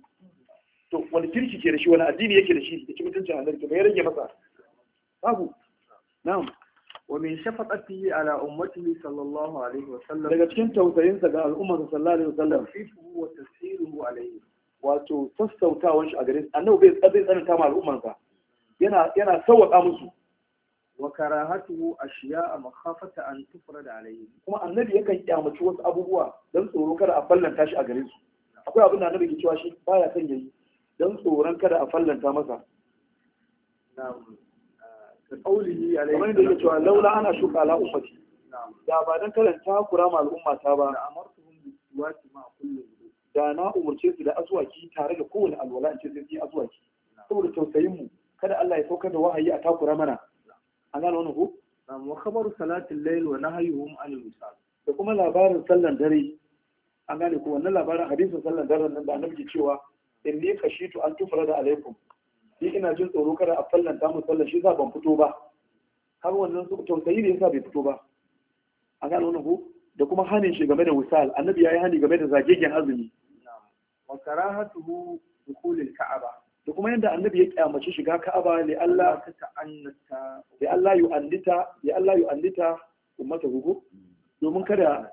to wani kirki ke da shi wani addini yake da shi da ci mutuncin Allah to bai rage masa babu na'am ومن شفقته على أمته صلى الله عليه وسلم لقد كنت وتين سجى الأمة صلى الله عليه وسلم تخفيفه وتسهيله عليه wato sassautawar shi a gare su annabi bai tsabe tsanin kama al'ummarsa yana yana sauwaka musu wa a ashiya'a makhafata an tufrada alayhi kuma annabi yakan kyamaci wasu abubuwa dan tsoro kada a fallanta shi a gare akwai abin da annabi ke cewa shi baya son yayi dan tsoron kada a fallanta masa قوله عليه ومن ذلك لولا ana shuka على أمتي da ba dan kalan takura ma al'umma ta ba da na umarce su da azwaki tare da kowane alwala in ce sai yi azwaki saboda tausayin mu kada Allah ya saukar da wahayi a takura mana an gano wani ko wa khabaru salatin layl wa nahyuhum anil wusal da kuma labarin sallan dare an gane ko wannan labarin hadisin sallan dare nan da annabi ke cewa inni kashitu an da alaikum ni ina jin tsoro kada a fallanta mu sallan shi sa ban fito ba har wannan su tausayi ne yasa bai fito ba an ga wannan ko da kuma hanin shi game da wusal annabi yayi hani game da zagegen azumi wa karahatuhu dukhulil ka'aba da kuma yadda annabi ya kyamace shiga ka'aba ne Allah ta ta'annata ya Allah andita ya Allah andita ummata hugu domin kada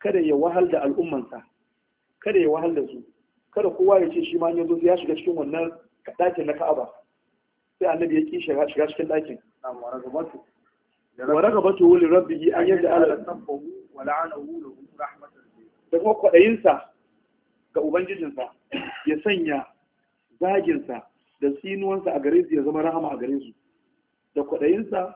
kada ya wahal da al'ummansa kada ya wahal da su kada kowa ya ce shi ma yanzu ya shiga cikin wannan ɗakin na ka'aba sai annabi ya ki shiga cikin ɗakin wa ragabatu wa lirabbihi an yadda ala da kuma kwaɗayinsa ga ubangijinsa ya sanya zaginsa da sinuwansa a gare su ya zama rahama a gare su da kwaɗayinsa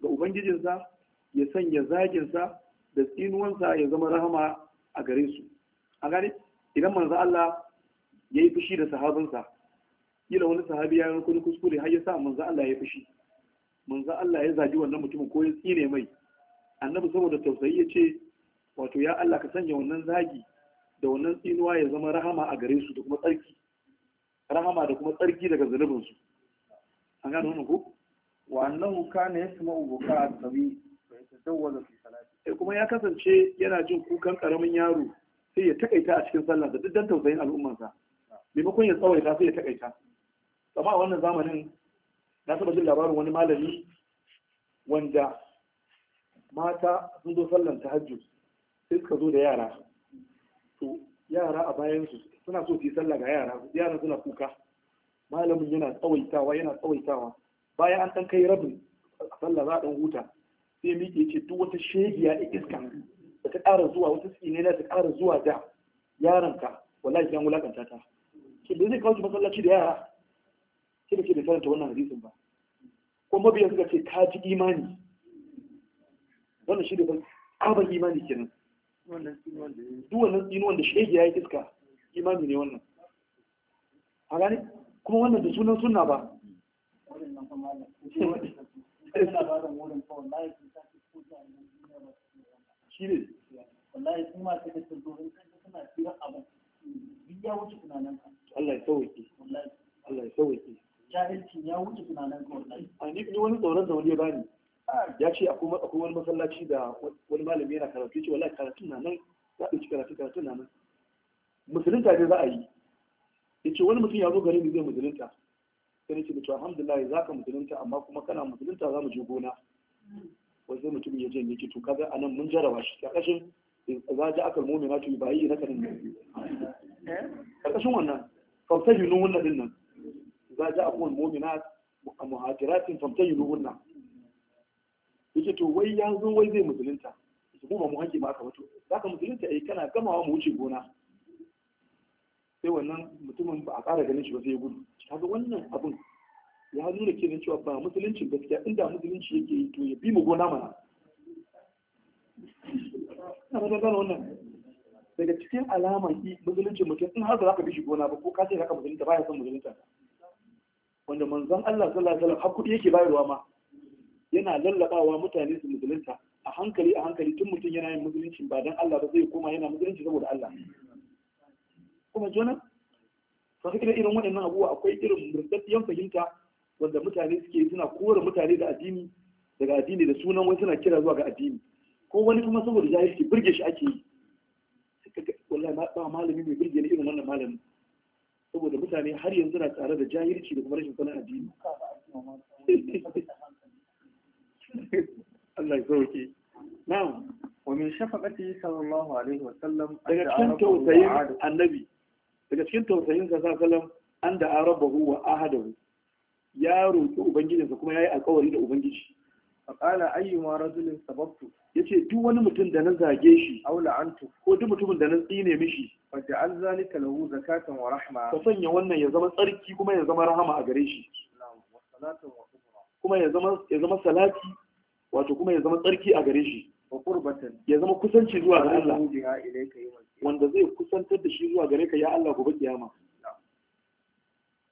ga ubangijinsa ya sanya zaginsa da tsinuwansa ya zama rahama a gare su a gane idan manzo Allah ya yi fushi da sahabinsa kila wani sahabi ya yi wani kuskure har ya sa manzo Allah ya fushi manzo Allah ya zaji wannan mutumin ko ya tsine mai annabi saboda tausayi ya ce wato ya Allah ka sanya wannan zagi da wannan tsinuwa ya zama rahama a gare su da kuma tsarki rahama da kuma tsarki daga zunubin su an gano wannan ko wa annahu kana yasma'u buka as-sabi fa yatazawwaza fi salati eh, kuma ya kasance yana jin kukan karamin yaro sai ya takaita a cikin sallah da duk dan tausayin al'ummarsa maimakon ya tsawaita sai ya takaita Sama a wannan zamanin na saba jin labarin wani malami wanda mata sun zo sallan ta hajji sai suka zo da yara to yara a bayansu suna so su yi sallah ga yara yaran suna kuka malamin yana tsawaitawa yana tsawaitawa bayan an ɗan kai rabin a sallah za a ɗan huta sai miƙe ce duk wata shegiya a iska da ta ƙara zuwa wata tsine na ta ƙara zuwa da yaranka wallahi zan wulakanta ta ki da zai kawo masallaci da yara sai ke da karanta wannan hadisin ba ko mabiyan suka ce ta ji imani wannan shi da ban tsaban imani kenan duk wannan tsinuwan da shege ya yi iska imani ne wannan a gane kuma wannan da sunan suna ba Allah ya sauke Allah ya sauke jahilcin ya wuce tunanin kawai a ni wani tsoron da wani ya bani ya ce akwai wani masallaci da wani malami yana karatu ya ce wallahi karatun na nan za a ci karatu karatun na nan musulunta za a yi ya ce wani mutum ya zo ni zai musulunta sai nake mutu alhamdulillah za ka musulunta amma kuma kana musulunta za mu je gona wasu mutum ya je ya ce to kaga anan mun jaraba shi karkashin za ji akal mu'mina to bayi na kanin karkashin eh? wannan fautahi nun wannan din nan za ja akwai mu'minat a muhajiratin famtayi ruhunna yake to wai ya zo wai zai musulunta su kuma mu hanki maka aka mutu za ka musulunta yi kana gamawa mu wuce gona sai wannan mutumin ba a ƙara ganin shi ba sai ya gudu kaga wannan abun ya nuna kenan cewa ba musuluncin gaskiya inda musulunci yake yi to ya bi mu gona mana na ba gano wannan daga cikin alamar musuluncin mutum in har da za ka bi shi gona ba ko ka ce za ka musulunta ba ya son musulunta wanda manzon Allah sallallahu alaihi wasallam yake bayarwa ma yana lallabawa mutane su musulunta a hankali a hankali tun mutum yana yin musulunci ba dan Allah ba zai koma yana musulunci saboda Allah kuma jona to kike irin waɗannan abubuwa akwai irin murtaddiyan fahimta wanda mutane suke suna kore mutane da addini daga addini da sunan wasu suna kira zuwa ga addini ko wani kuma saboda jahilci burge shi ake yi wallahi ba malami mai burge ne irin wannan malamin saboda mutane har yanzu na tare da jahilci da kuma rashin sana'a addini Allah ya sauke na'am wa min shafaqati sallallahu alaihi wa sallam daga cikin tausayin annabi daga cikin tausayin sa sallallahu an da arabahu wa ahadahu ya roki ubangijinsa kuma yayi alƙawari da ubangiji faƙala ma rajulin sababtu yace duk wani mutum da na zage shi aw la'antu ko duk mutumin da na tsine mishi fa ja'al zalika lahu zakatan wa rahma ka sanya wannan ya zama tsarki kuma ya zama rahama a gare shi kuma ya zama ya zama salati wato kuma ya zama tsarki a gare shi wa qurbatan ya zama kusanci zuwa ga Allah wanda zai kusantar da shi zuwa gare ka ya Allah gobe kiyama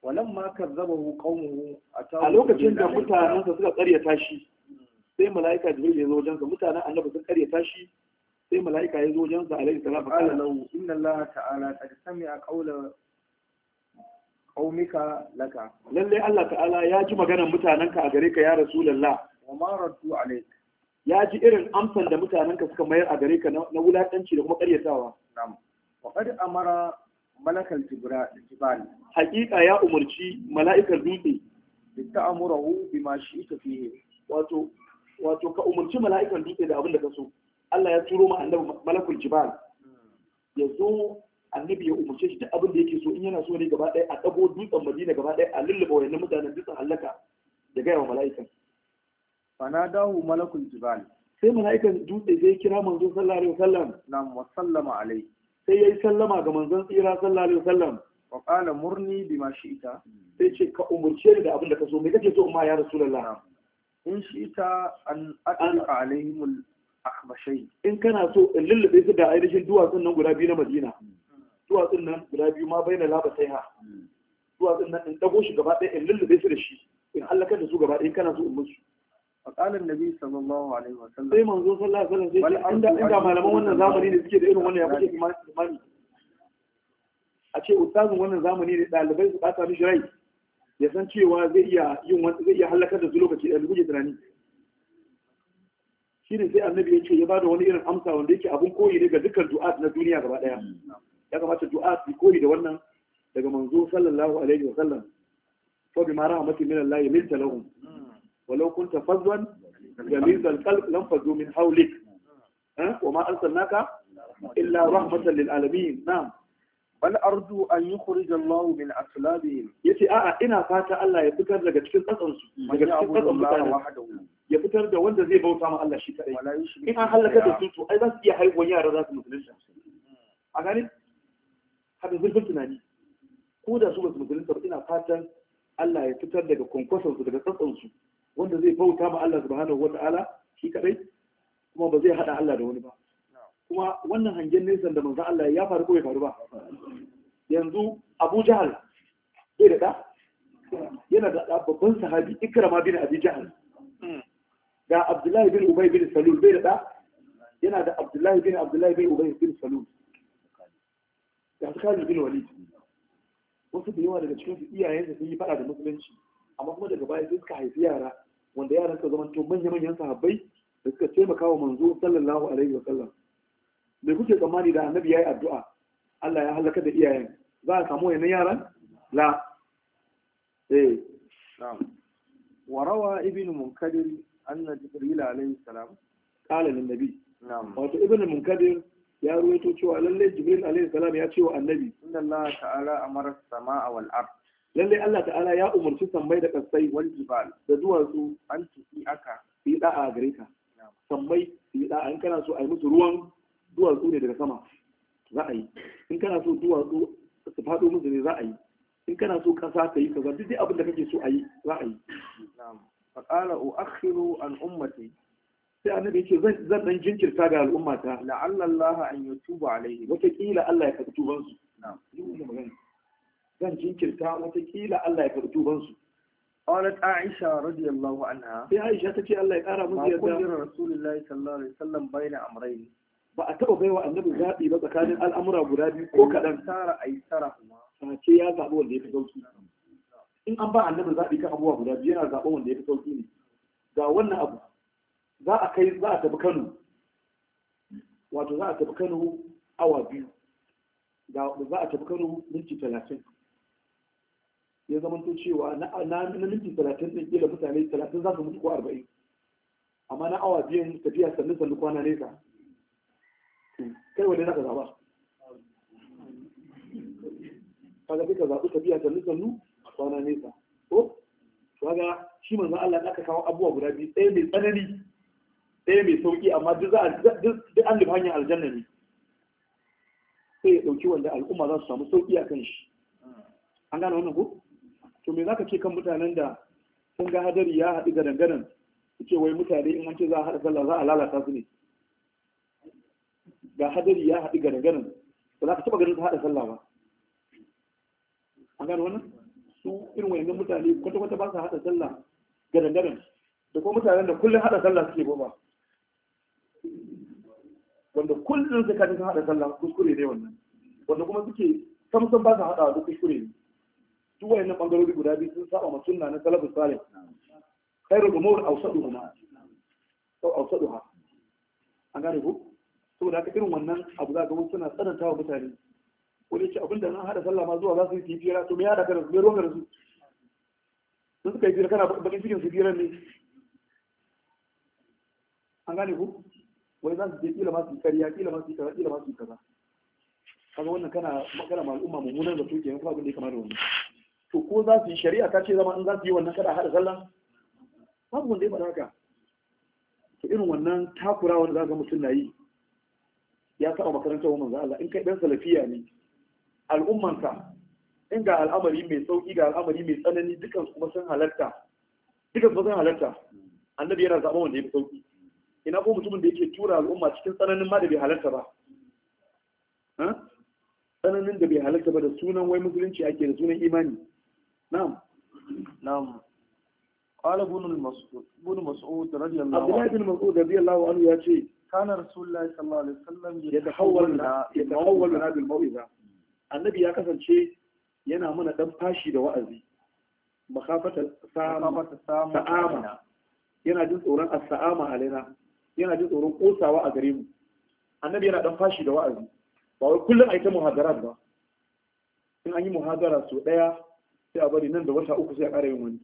walamma kazzabahu qaumuhu a lokacin da mutanensa suka karyata shi sai mala'ika jibril ya zo wajensa, mutanen annabi sun karyata shi sai mala'ika ya zo wajensa sa alaihi salam qala inna allah ta'ala qad sami'a qawla qaumika laka lalle allah ta'ala ya ji maganar mutanenka a gare ka ya rasulullah wa ma raddu alayk ya ji irin amsan da mutanenka suka mayar a gare ka na wulakanci da kuma karyatawa na'am wa qad amara malakal jibal haqiqa ya umarci mala'ikar dutse bi ta'muruhu bima shi'ta fihi wato wato ka umarci mala'ikan dutse da abin da ka Allah ya turo ma annabi malakul jibal ya zo annabi ya umarce shi da abin da yake so in yana so ne gaba ɗaya a ɗago dutsen madina gaba ɗaya a lulluɓa wayannan mutanen dutsen hallaka da gaya wa mala'ikan fanadahu malakul jibal sai mala'ikan dutse zai kira manzo sallallahu alaihi wasallam na musallama alai sai yayi sallama ga manzon tsira sallallahu alaihi wasallam wa qala murni bima shi'ta sai ce ka umurce ni da abin da ka so me kake so umma ya rasulullahi in shi an atlaka alaihimul akhbashai in kana so in lullube su da ainihin duwatsun nan guda biyu na madina duwatsun nan guda biyu ma bai na labatai ha duwatsun nan in dago shi gaba ɗaya in lullube su da shi in halakar da su gaba ɗaya in kana so in musu فقال النبي صلى الله عليه وسلم sai manzo sallallahu alaihi wasallam sai inda inda malaman wannan zamani ne suke da irin wannan ya kuke imani a ce ustazin wannan zamani ne ɗalibai su bata mishi rai ya san cewa zai iya yin wani zai iya halakar da su lokaci ɗaya guje tunani shi ne sai annabi ya ce ya bada wani irin amsa wanda yake abin koyi ne ga dukkan du'at na duniya gaba ɗaya ya kamata du'at su koyi da wannan daga manzo sallallahu alaihi wa sallam fa bi mara rahmatin min Allah yamilta lahum walau kunta fadwan yamilta qalb lam fazu min hawlik eh? wa ma arsalnaka illa rahmatan lil alamin na'am bal ardu an yukhrij Allah min aslabihim yace a'a ina fata Allah ya fitar daga cikin tsatsan su daga cikin tsatsan mutane ya fitar da wanda zai bauta ma Allah shi kadai in an halaka da su to ai za su iya haihuwar yara za su musulunta a gani hada zurfin tunani ko da su ba su musulunta ina fatan Allah ya fitar daga kwankwason su daga tsatsan su wanda zai bauta ma Allah subhanahu ta'ala shi kadai kuma ba zai hada Allah da wani ba kuma wannan hangen nesan da manzan Allah ya faru ko ya faru ba yanzu Abu Jahal sai da ɗa, yana da ɗa babban sahabi ma bin Abi Jahal da Abdullahi bin Ubay bin Salul bai da ɗa, yana da Abdullahi bin Abdullahi bin Ubay bin Salul da Khalid bin wali wasu da yawa daga cikin su iyayensa sun yi fada da musulunci amma kuma daga baya sai suka haifi yara wanda yaran suka zama to manya-manyan sahabbai da suka taimaka wa manzo sallallahu alaihi wa sallam me kuke tsammani da annabi yayi addu'a Allah ya halaka da iyayen za a samu wayannan yaran la eh na'am warawa ibn munkadir anna jibril alayhi salam qala lin nabi na'am wato ibn munkadir ya ruwaito cewa lalle jibril alayhi salam ya ce wa annabi inna Allah ta'ala amara samaa wal ard lalle Allah ta'ala ya umarci sammai da kasai wal jibal da duwatsu an tusi aka fi da'a gare ka sammai fi da'a An kana so a yi musu ruwan duwatsu ne daga sama za a yi in kana so duwatsu su faɗo musu ne za a yi in kana so ƙasa ta yi kaza duk dai abin da kake so a yi za a yi faƙala uakhiru an ummati sai annabi yake zan zan dan jinkirta ga al'ummata la'alla Allah an yutuba alaihi wata kila Allah ya karɓi tuban su na'am zan jinkirta wata kila Allah ya karɓi tuban su قالت عائشة رضي الله عنها في عائشة تجي الله يقرأ مزيدا ما قدر رسول الله صلى الله عليه وسلم بين أمرين ba a taɓa baiwa annabi zaɓi ba tsakanin al'amura guda biyu ko kaɗan tara a yi tara ce ya zaɓi wanda ya fi sauki in an ba annabi zaɓi kan abubuwa guda biyu yana zaɓen wanda ya fi sauki ne ga wannan abu za a kai za a tafi kano wato za a tafi kano awa biyu da za a tafi kano minti talatin ya zama to cewa na minti talatin ɗin kila mutane talatin za su mutu ko arba'in amma na awa biyan tafiya sannu sannu kwana nesa kai wanda za ka zaba kaga zaɓi ka biya sannu sannu a kwana nesa ko kaga shi manzo Allah ya kawo abubuwa guda biyu ɗaya mai tsanani ɗaya mai sauƙi amma duk za a duk an nufa hanyar aljanna ne sai ya ɗauki wanda al'umma za su samu sauƙi a kan shi an gane wannan ko to me za ka ce kan mutanen da sun ga hadari ya haɗu ga dangaren su ce wai mutane in an ce za a haɗa sallah za a lalata su ne ga hadari ya gane ganin ba za ka taɓa ganin ta haɗa sallah ba a gano wannan su irin wayannan mutane kwata-kwata ba su haɗa sallah ganin da kuma mutanen da kullum haɗa sallah suke ba wanda kullum suka ta haɗa sallah kuskure ne wannan wanda kuma suke samsan ba su haɗa duk kuskure ne duk wayannan ɓangarori guda biyu sun saba ma sunna na salafus salih khairul umur awsaduhuma aw awsaduha an gane ku saboda haka irin wannan abu za ga wasu suna tsananta wa mutane wani ce abinda na haɗa sallah ma zuwa za su yi fira to me ya haɗa da su me ruwan da su sun suka yi fira kana bakin cikin su firan ne an gane ku wai za su je kila ma su yi kariya kila ma su yi kaza kila ma su yi kaza kaga wannan kana magana ma al'umma mummunan da suke yanku abin da ya kamata wani to ko za su yi shari'a ta ce zama in za su yi wannan kada haɗa sallah babu wanda ya faɗa haka to irin wannan takura wanda za ka mutum na yi ya taɓa makarantar wa manzan Allah in kai ɗan salafiya ne al'ummanka in ga al'amari mai sauki ga al'amari mai tsanani dukkan kuma sun halarta dukkan kuma sun halarta annabi yana zaɓa wanda ya fi sauki ina ko mutumin da yake tura al'umma cikin tsananin ma da bai halarta ba tsananin da bai halarta ba da sunan wai musulunci ake da sunan imani na'am na'am ابن ibn mas'ud ibn mas'ud radiyallahu anhu abdullah مسعود رضي الله عنه ya ce كان رسول الله صلى الله عليه وسلم يتحولنا يتحولنا بالموعظة النبي يا كسن شيء yana mana dan fashi da wa'azi makafata sa'ama yana jin tsoron as-sa'ama alaina yana jin tsoron kosawa a gare mu annabi yana dan fashi da wa'azi ba wai kullum a yi ta muhadarat ba in an yi muhadara sau ɗaya sai a bari nan da wata uku sai a ƙara yin wani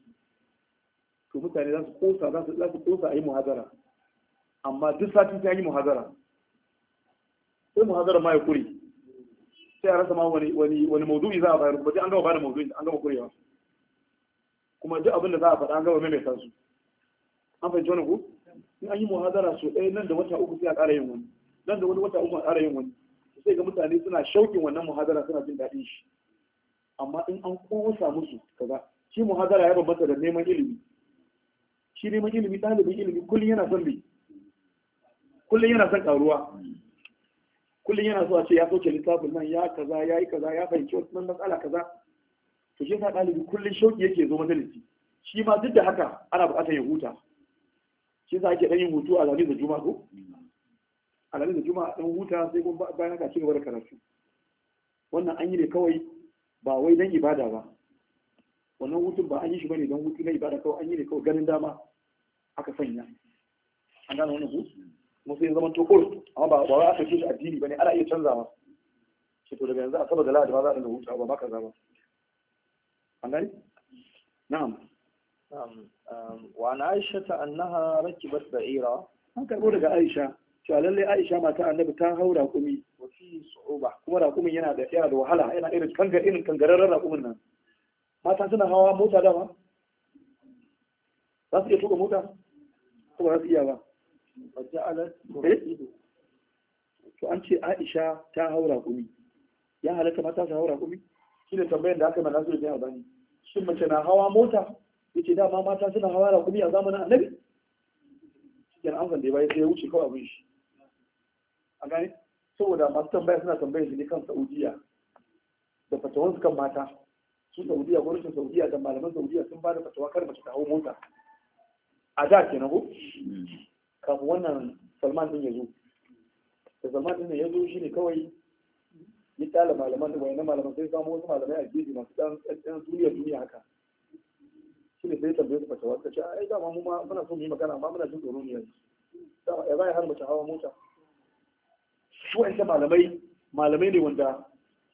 to mutane za su kosa za su kosa a yi muhadara amma duk sati ta yi muhazara sai muhazara ma ya kure sai a rasa ma wani wani wani maudu'i za a bayar kuma duk an gama bada maudu'i an gama kurewa kuma duk abin da za a faɗa an gama maimaita su an fahimci wani ku in an yi muhazara so ɗaya nan da wata uku sai a ƙara yin wani nan da wani wata uku a ƙara yin wani sai ga mutane suna shauƙin wannan muhazara suna jin daɗin shi amma in an kosa musu kaza shi muhazara ya bambanta da neman ilimi shi neman ilimi ɗalibin ilimi kullum yana son bi. kullum yana son karuwa kullum yana so a ce ya soke littafin nan ya kaza ya yi kaza ya fahimci wasu nan matsala kaza to shi sa ɗalibi kullum shauki yake zo majalisi shi ma duk da haka ana buƙatar ya huta shi sa ake ɗan yin hutu a lalisa juma'a ko a lalisa juma'a ɗan huta sai kuma bayan haka ci gaba da karatu wannan an yi ne kawai ba wai don ibada ba wannan hutun ba an yi shi bane don hutu na ibada kawai an yi ne kawai ganin dama aka sanya an gane wannan hutu musu ya zaman tokul amma ba ba aka ce shi addini bane ana iya canza ma shi to daga yanzu a saboda lahadi ma za a dinga huta ba baka za ba an gani na'am na'am um, wa an aisha ta annaha rakibat ba'ira an karbo daga aisha cewa lallai aisha mata annabi ta hau raƙumi wa fi su'uba kuma raƙumin yana da yana da wahala yana irin kanga irin kangararren raƙumin nan mata suna hawa mota dama za su iya tuka mota ko ba za su iya ba to an ce aisha ta haura kumi ya halatta mata ta haura kumi shi ne tambayar da aka mana zuwa jihar bani shi mace na hawa mota ce dama mata suna hawa kumi a zamanin annabi cikin amsan da ya bayan sai ya wuce kawai abin shi a gani saboda masu tambaya suna tambayar shi ne kan saudiya da fatawan kan mata su saudiya gwamnatin saudiya da malaman saudiya sun ba da fatawa kar mace ta hau mota a da kenan ko kafin wannan salman din ya zo da salman din ya zo shi ne kawai ya tsala malaman da wayannan malaman sai samu wasu malamai a gefe masu dan dan duniya duniya haka shi ne sai tambaye su fatawa ta ce ai dama mu ma muna so mu yi magana amma muna jin tsoro ne yanzu ya bai har mace hawa mota su wa'ansu malamai malamai ne wanda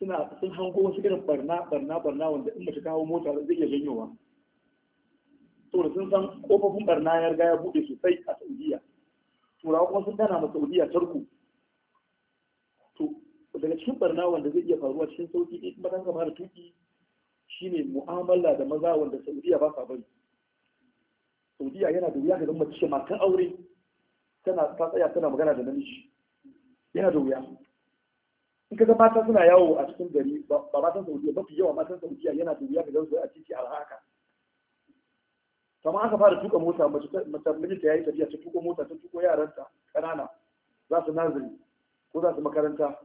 suna sun hango wasu irin barna barna barna wanda in mace kawo mota zai iya janyowa saboda sun san kofofin barna ya riga ya buɗe sosai a saudiya turawa kuma sun dana masa saudiya tarko to daga cikin barna wanda zai iya faruwa cikin sauki in ba ka fara tuki shine mu'amala da maza wanda saudiya ba sa bari saudiya yana da wuya ga mace matan aure tana ta tsaya tana magana da namiji yana da wuya in ka ga mata suna yawo a cikin gari ba matan saudiya ba fi yawa matan saudiya yana da wuya ga gansu a titi alhaka kamar aka fara tuka mota mace ta yayi tafiya ta tuko mota ta tuko yaranta kanana za su nazari ko za su makaranta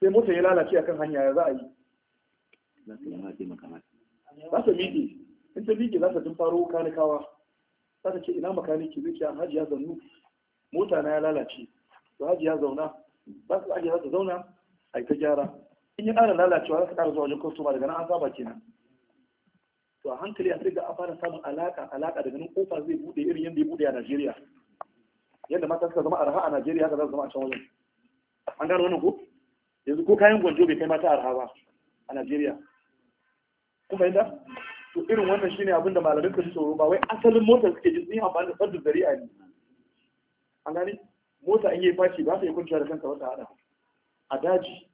sai mota ya lalace akan hanya ya za a yi za ta miƙe in ta miƙe za ta tun faro kanikawa za ta ce ina makaniki zai ce an ah, hajiya zannu mota na ya lalace to hajiya zauna za su ajiye za ta zauna a yi ta gyara in ya ƙara lalacewa za su ƙara zuwa wajen kwastoma daga nan an saba kenan to a hankali a sai ga a fara samun alaka alaka daga nan kofa zai bude irin yadda ya bude a Najeriya yadda mata suka zama arha a Najeriya haka za su zama a can wajen an gano wannan ko yanzu ko kayan gwanjo bai kai mata arha ba a Najeriya kuma yadda to irin wannan shine abin da malamin ka tsoro ba wai asalin motar suke jin sun amfani da fardun zari'a ne an gane mota in yi fashi ba ta yi kwanciya da kanta wata hada a daji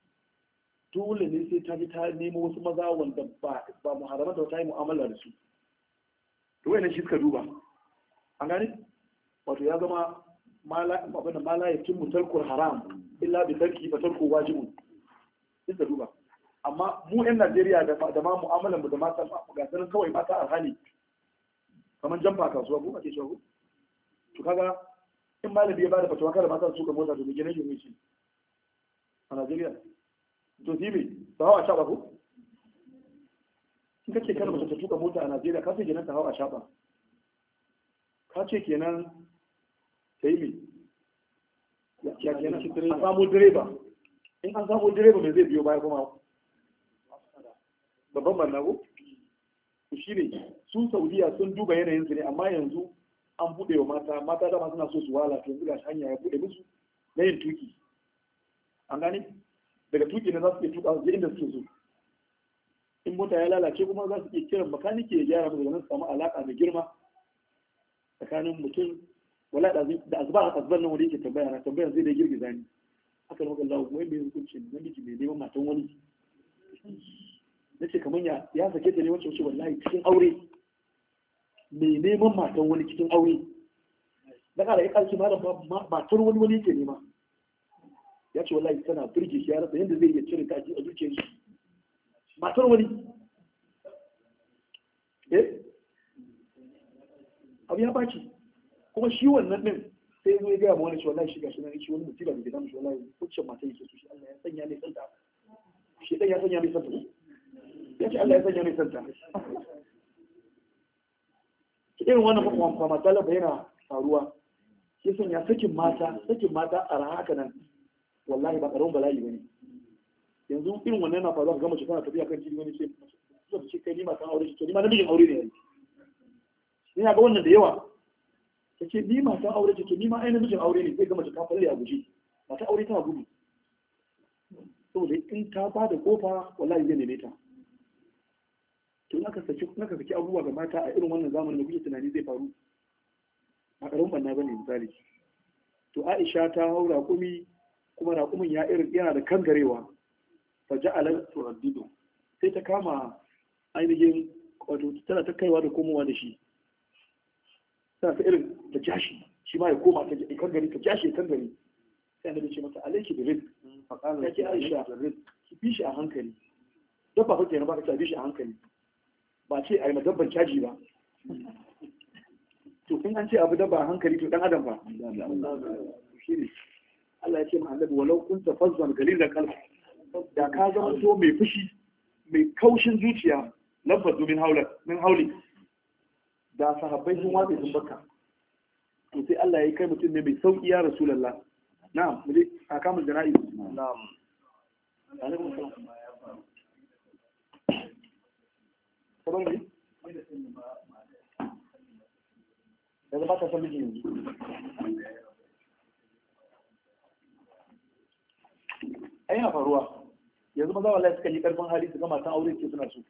dole ne sai ta ji ta nemo wasu maza wanda ba ba da ta yi mu'amala da su to wayannan shi suka duba an gane wato ya zama abin da mala ya cin mutalkul haram illa bi tarki fa tarku wajibu sai da duba amma mu ɗan Najeriya da ma mu'amalan mu da mata ga sanin kawai mata alhali kamar jamfa kasuwa ko ake shago to kaga in malabi ya bada fatawa kada mata su ka motsa to gine gine shi a Najeriya to shi ta hawa shaɓa ko in kake kana mace ta tuka mota a Najeriya ka sai kenan ta hawa shaɓa ka ce kenan sai me ya kenan a samu direba in an samu direba me zai biyo baya kuma babban barnago to shi ne su saudiya sun duba yanayin su ne amma yanzu an buɗe wa mata mata dama suna so su wala to yanzu ga hanya ya buɗe musu na yin tuki an gane daga tuki na za su iya tuka su inda suke so in mota ya lalace kuma za su iya kiran makanike ya gyara musu su samu alaka da girma tsakanin mutum wala da azba azban nan wani yake tambaya na tambayan zai dai girgiza ni aka maka lawo kuma ya hukunci namiji mai neman matan wani nace kamar ya ya sake ta ne wacce wacce wallahi cikin aure mai neman matan wani cikin aure da kara ya kalci malam matar wani wani yake nema ya ce wallahi tana birge shi ya rasa yadda zai iya cire ta a zuciyar shi matar wani eh abu ya baki kuma shi wannan din sai zo ya gaya ma wani shi wallahi shi gashi nan shi wani musiba da ke damu shi wallahi wacce mata yake su shi Allah ya sanya mai santa shi dan ya sanya mai santa ya ce Allah ya sanya mai santa irin wannan kuma matsalar yana faruwa ya sanya sakin mata sakin mata a haka nan wallahi ba karamin bala'i bane yanzu irin wannan na faruwa ga mace tana tafiya kan jini wani ce zuwa ce kai ni ma kan aure shi to ni ma namijin aure ne ni na ga wannan da yawa ta ce ni ma kan aure ce to ni ma ai namijin aure ne zai ga mace ta falle a guji mata aure tana gudu saboda in ta ba da kofa wallahi zai neme ta to naka saki naka saki abubuwa ga mata a irin wannan zamanin da kuke tunani zai faru a karon banna bane misali to Aisha ta haura kumi kuma raƙumin ya irin yana da kangarewa fa ja'ala turaddidu sai ta kama ainihin wato tana ta kaiwa da komowa da shi tana ta irin ta jashi shi ma ya koma ta kangare ta jashi kangare sai annabi ce mata alayki bi rizq fa qala ya aisha ki bi shi a hankali dabba fa kenan ba ka bi shi a hankali ba ce a yi madabban caji ba to kun an ce abu dabba a hankali to dan adam ba Allah ya ce ma annabi walau kunta fazzan galilan qalbi da ka zama so mai fushi mai kaushin zuciya lafazu min haula min hauli da sahabbai sun wace sun baka to sai Allah ya kai mutum ne mai sauki ya rasulullah na'am mu je a kamun jana'i na'am alaikum ne yanzu ba san miji yanzu ai faruwa yanzu maza wallahi suka yi karfin hali su gama san aure ce suna so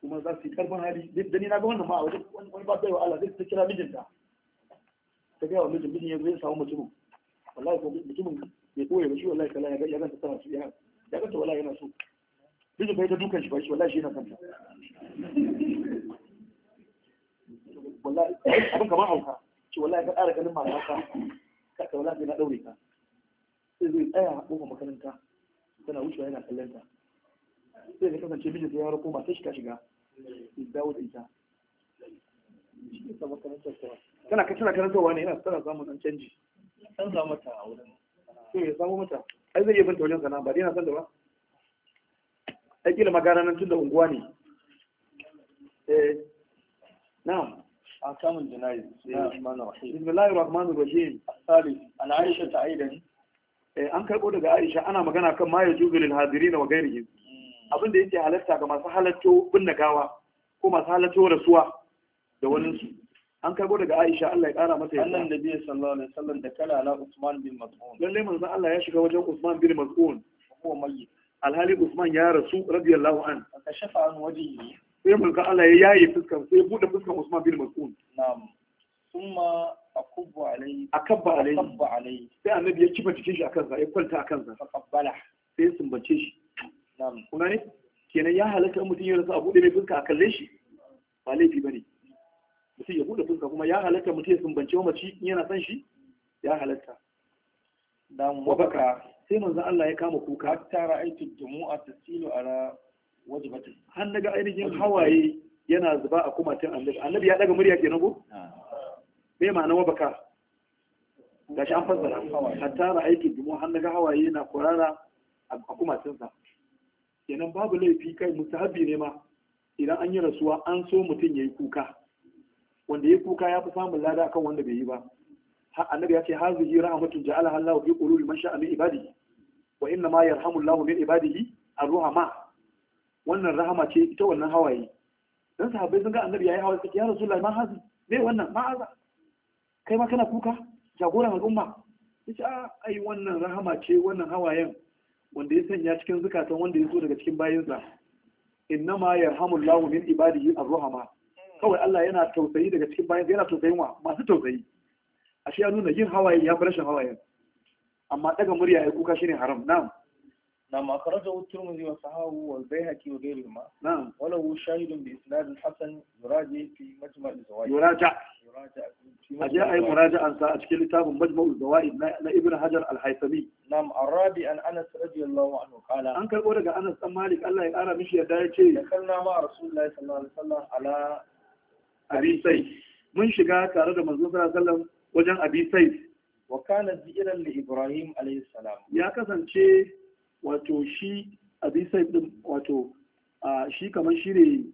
kuma za su yi karfin hali da ni na ga wannan ma a wajen wani ba baiwa Allah zai ta kira mijinta ta gaya wa mijin mijin yanzu zai samu mutumin wallahi ko mutumin ya koya ba shi wallahi kala ya ga ya ganta tana su ya ya ganta wallahi yana so mijin bai ta dukan shi ba shi wallahi shi yana kanta wallahi abin kamar hauka ce wallahi ka ƙara ganin hauka ka ka wallahi na daure ka sai zai tsaya a kofar makaranta tana wucewa yana kallon ta sai zai kasance mijin sai ya rako matar shi ta shiga Ya dawo da ita tana tana karantarwa ne yana tana samun dan canji an samu mata a wurin sai ya samu mata ai zai iya bin wajen sana'a, ba dai yana san da ba ai kila magana nan tun da unguwa ne eh na'am أحكام الجنائز بسم الله الرحمن الرحيم الثالث عن عائشة أيضا Eh, an karɓo daga Aisha ana magana kan ma ya hadiri na wa gairihi abin da yake halatta ga masu halatto binne gawa ko masu halatto rasuwa da wani su an karɓo daga Aisha Allah ya ƙara masa yarda annan biyu sallallahu alaihi wasallam da kala ala Usman bin Mas'ud lalle manzon Allah ya shiga wajen Usman bin Mas'ud mayyit alhali Usman ya rasu radiyallahu an kashafa an wajhihi sai manzon Allah ya yaye fuskar sai ya fuskan fuskar Usman bin Mas'ud na'am summa akubbu alayhi akabba alayhi akabba alayhi sai annabi ya kifa jikin shi a kansa, ya kwanta a kansa, faqabbala sai ya sumbace shi na'am kuma ne kenan ya halatta in mutum ya rasa a buɗe mai fuska a kalle shi ba laifi ba ne. mutum ya buɗe fuska kuma ya halatta mutum ya sumbance wa mace in yana son shi ya halatta dan wabaka sai manzon Allah ya kama kuka hatta ra'aytu dumu'a tasilu ala wajbati har naga ainihin hawaye yana zuba a kumatin annabi annabi ya daga murya kenan ko me ma'ana wa baka gashi an fassara hatta ra'aytu mu hannu ga hawaye na kurara a kumatinsa kenan babu laifi kai musahabi ne ma idan an yi rasuwa an so mutum yayi kuka wanda yayi kuka ya fi samun lada akan wanda bai yi ba annabi ya ce hazihi rahmatun ja'ala Allahu fi qulubi man sha'a min ibadihi wa inna ma yarhamu Allahu min ibadihi ar wannan rahama ce ita wannan hawaye dan sahabbai sun ga annabi yayi hawaye sai ya rasulullahi ma hazi me wannan ma kai ma kana kuka jagoran al'umma ya ce ah, ai wannan rahama ce wannan hawayen wanda ya sanya cikin zukatan wanda ya zo daga cikin bayinsa inna ma yarhamullahu min ibadihi a rahama kawai Allah yana tausayi daga cikin bayinsa. yana tausayin wa masu tausayi ashe ya nuna yin hawaye ya fi rashin hawayen amma daga murya ya kuka shine haram na'am نعم أخرجه الترمذي وصححه والبيهقي وغيرهما نعم وله شاهد بإسناد حسن يراجع في مجمع الزوائد يراجع يراجع أجاء أي مراجعة أشكال كتاب مجمع الزوائد لابن حجر الحيثمي نعم الرابع عن أنس رضي الله عنه قال أن كان أورجع أنس أم مالك الله يقرأ مشي يدعي شيء دخلنا مع رسول الله صلى الله عليه وسلم على أبي سيف من شجاع تارد منزل صلى الله عليه وسلم وجن أبي سيف وكان زئرا لإبراهيم عليه السلام يا كسان شيء wato shi abi saif din wato shi kamar shi ne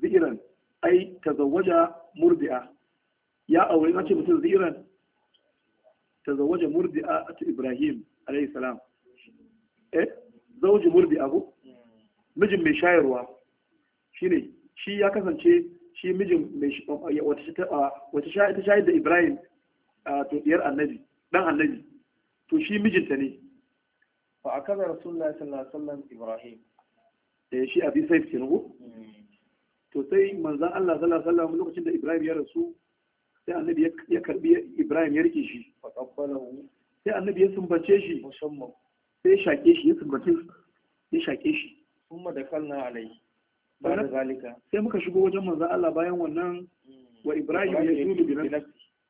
zikiran ai ta tazawwaja murdi'a ya aure na ce mutum zikiran tazawwaja murdi'a ta ibrahim alayhi salam eh zauji murdi'a ko mijin mai shayarwa shi ne shi ya kasance shi mijin mai wata shayar da ibrahim a tuɗiyar annabi ɗan annabi to shi mijinta ne fa akaza rasulullahi sallallahu alaihi wasallam ibrahim eh shi abi saif kenan ko hmm. to sai manzon Allah sallallahu alaihi wasallam lokacin da ibrahim ya rasu sai annabi ya karbi ibrahim ya rike shi sai annabi ya sumbace shi sai ya sumbace shi sai muka shigo wajen manzon Allah bayan wannan hmm. wa ibrahim ya zulu bi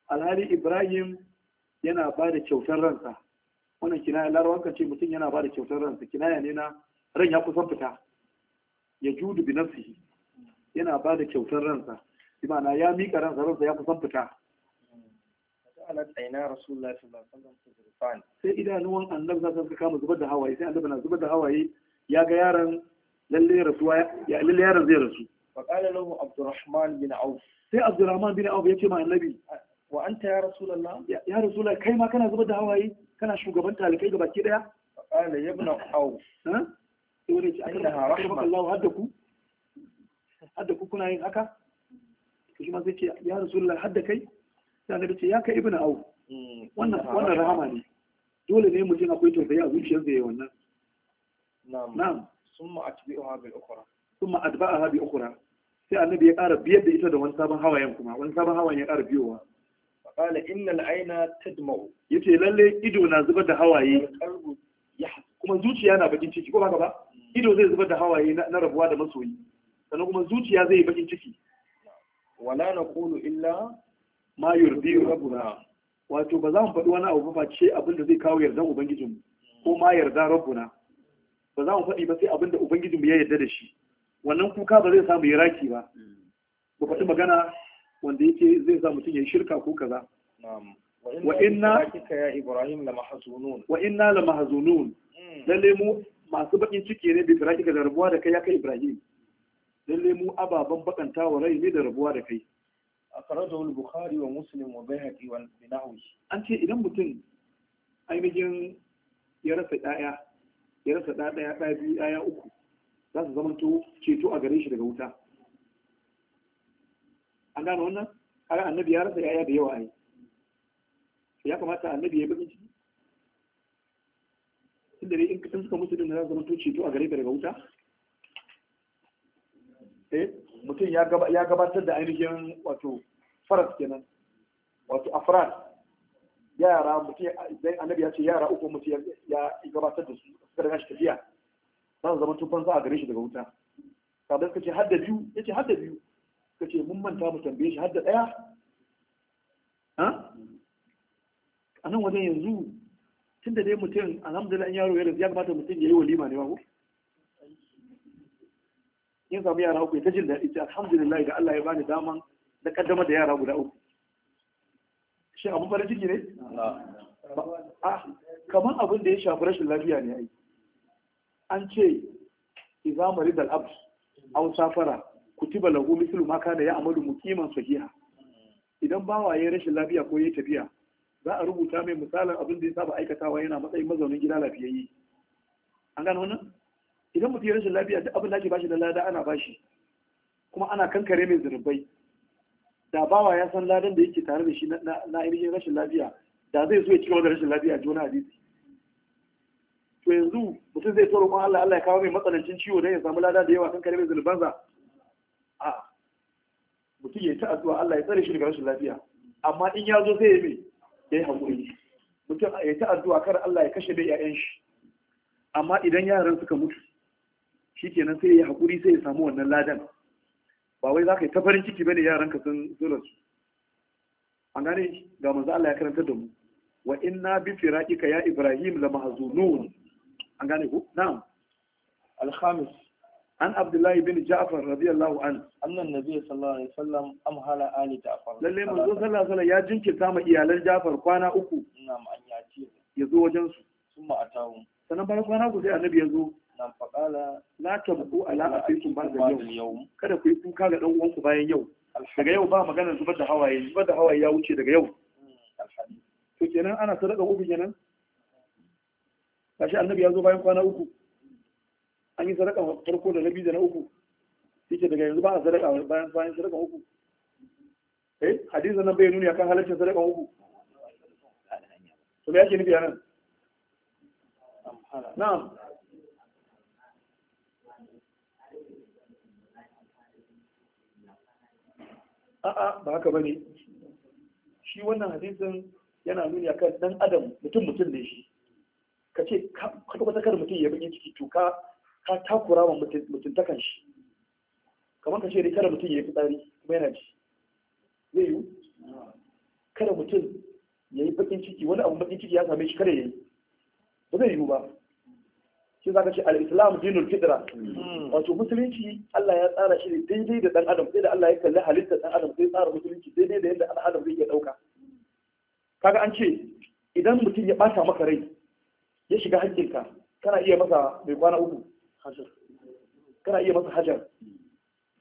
alhali ibrahim yana ba da kyautar ransa wannan kinaya larawanka ce mutum yana ba da kyautar ransa kinaya ne na ran ya kusan fita ya judu bi nafsihi yana ba da kyautar ransa bi ma'ana ya mika ransa ransa ya kusan fita sai idanuwan annabi za suka kama zubar da hawaye sai annabi na zubar da hawaye ya ga yaron lalle rasuwa ya lalle yaron zai rasu فقال له Sai abdurrahman bin auf ya عبد الرحمن بن عوف يجي مع النبي وانت ya رسول الله يا Kai ma kana كان da hawaye? kana shugaban talikai ga baki daya qala yabna aw ha sai wani aka aina rahma Allah hadda ku hadda ku kuna yin haka to ma zai ce ya rasulullah hadda kai sai annabi ce ya kai Ibn aw hmm, wannan wannan rahama ne dole ne mutum akwai tausayi a zuciyar zai yi wannan na'am na'am summa atbi'uha bil ukhra summa atba'aha bi ukhra sai annabi ya ƙara biyar da ita da wani sabon hawayen kuma wani sabon hawayen ya ƙara biyowa kala innal aina tadma'u yace lalle ido na zubar da hawaye kuma zuciya na bakin ciki ko ba ba mm. ido zai zubar da hawaye na rabuwa da masoyi sannan kuma zuciya zai yi bakin ciki wala naqulu illa ma yurdi rabbuna wato ba za mu faɗi wani abu ba ce abin da zai kawo yardan ubangijinmu ko ma yarda rabbuna ba za mu faɗi ba sai abin da ubangijinmu ya yarda da shi wannan kuka ba zai samu yaraki ba ba mm. faɗi magana wanda yake zai sa mutum ya shirka ko kaza wa inna ya ibrahim la mahzunun wa la mahzunun hmm. lalle mu masu bakin ciki ne da firaki da rabuwa da kai ya kai ibrahim lalle mu ababan bakanta wa rai ne da rabuwa da kai akhrajahu al-bukhari wa muslim wa bayhaqi wa binawi an ce idan mutum ainihin ya rasa ɗaya ya rasa ɗaya ɗaya ɗaya biyu uku za su zamanto ceto a gare shi daga wuta an gane wannan kaga annabi ya rasa yaya da yawa ai ya kamata annabi ya bakin ciki inda dai in suka musu din za su zama to ceto a gare ka daga wuta eh mutum ya gabatar da ainihin wato faras kenan wato afrad yara mutum a annabi ya ce yara uku mutum ya gabatar da su suka daga shi tafiya za su zama tuban za a gare shi daga wuta sabai suka ce hadda biyu ya ce hadda biyu suka ce mun manta mu tambaye shi hadda ɗaya a nan wajen yanzu tun da dai mutum alhamdulillah in yaro ya ya kamata mutum ya yi wa lima ne ba ko in samu yara uku ya ta da ita alhamdulillah ga Allah ya bani daman da kaddama da yara guda uku shi abu fara ciki ne ah, kamar abin da ya shafi rashin lafiya ne ai an ce Iza marid al abd aw safara kutiba lahu mithlu ma kana amalu muqiman sahiha idan bawa ya rashin lafiya ko ya tafiya za a rubuta mai misalin abin da ya saba aikatawa yana matsayin mazaunin gida lafiyayye an gano wannan idan mutum ya rashin lafiya da abin da ake bashi da lada ana bashi kuma ana kankare mai zunubai da bawa ya san ladan da yake tare da shi na ainihin rashin lafiya da zai so ya cigaba da rashin lafiya jona hadisi to yanzu mutum zai tsoro kuma Allah Allah ya kawo mai matsanancin ciwo don ya samu lada da yawa kankare mai zunubansa a mutum ya ta addu'a Allah ya tsare shi daga rashin lafiya amma in ya zo zai yi mai ya yi haƙuri mutum ya ta addu'a kar Allah ya kashe bai ƴaƴan shi amma idan yaran suka mutu shi shikenan sai ya haƙuri sai ya samu wannan ladan ba wai za ka yi ta farin ciki bane yaran ka sun zura su an gane ga manzo Allah ya karanta da mu wa na bi firaqika ya ibrahim la mahzunun an gane ku na'am al an abdullahi bin ja'far radiyallahu an annan nabi sallallahu alaihi wasallam amhala ali ja'far lalle manzo sallallahu alaihi ya jinkirta ma iyalan ja'far kwana uku na'am an yace ya zo wajen su sun ma atawu sannan bayan kwana uku sai annabi ya zo na'am faqala la tabqu ala afikum ba'da yawm kada ku yi kuka ga dan uwanku bayan yau daga yau ba maganar zubar da hawaye zubar da hawaye ya wuce daga yau to kenan ana sadaka uku kenan kashi annabi ya zo bayan kwana uku an yi sadaka farko da na biyu da na uku yake daga yanzu ba a sadaka bayan bayan sadaka uku eh hadisin nan bai nuni akan halaccin sadaka uku to me yake nufi anan na'am a'a ba haka bane shi wannan hadisin yana nuni akan dan adam mutum mutum ne shi ka ce ka kwata kar mutum ya bugi ciki to ka ka takura wa mutuntakan shi kamar ka ce da kada mutum ya yi fitsari kuma yana ji zai yiwu kada mutum ya yi bakin ciki wani abu bakin ciki ya same shi kada ya yi ba zai yiwu ba shi za ka ce al'islam islam dinul fitra wato musulunci Allah ya tsara shi daidai da dan adam sai da Allah ya kalli halittar dan adam sai tsara musulunci daidai da yadda dan adam zai iya dauka kaga an ce idan mutum ya bata maka rai ya shiga hakkinka kana iya masa mai kwana uku hajar kana iya masa hajar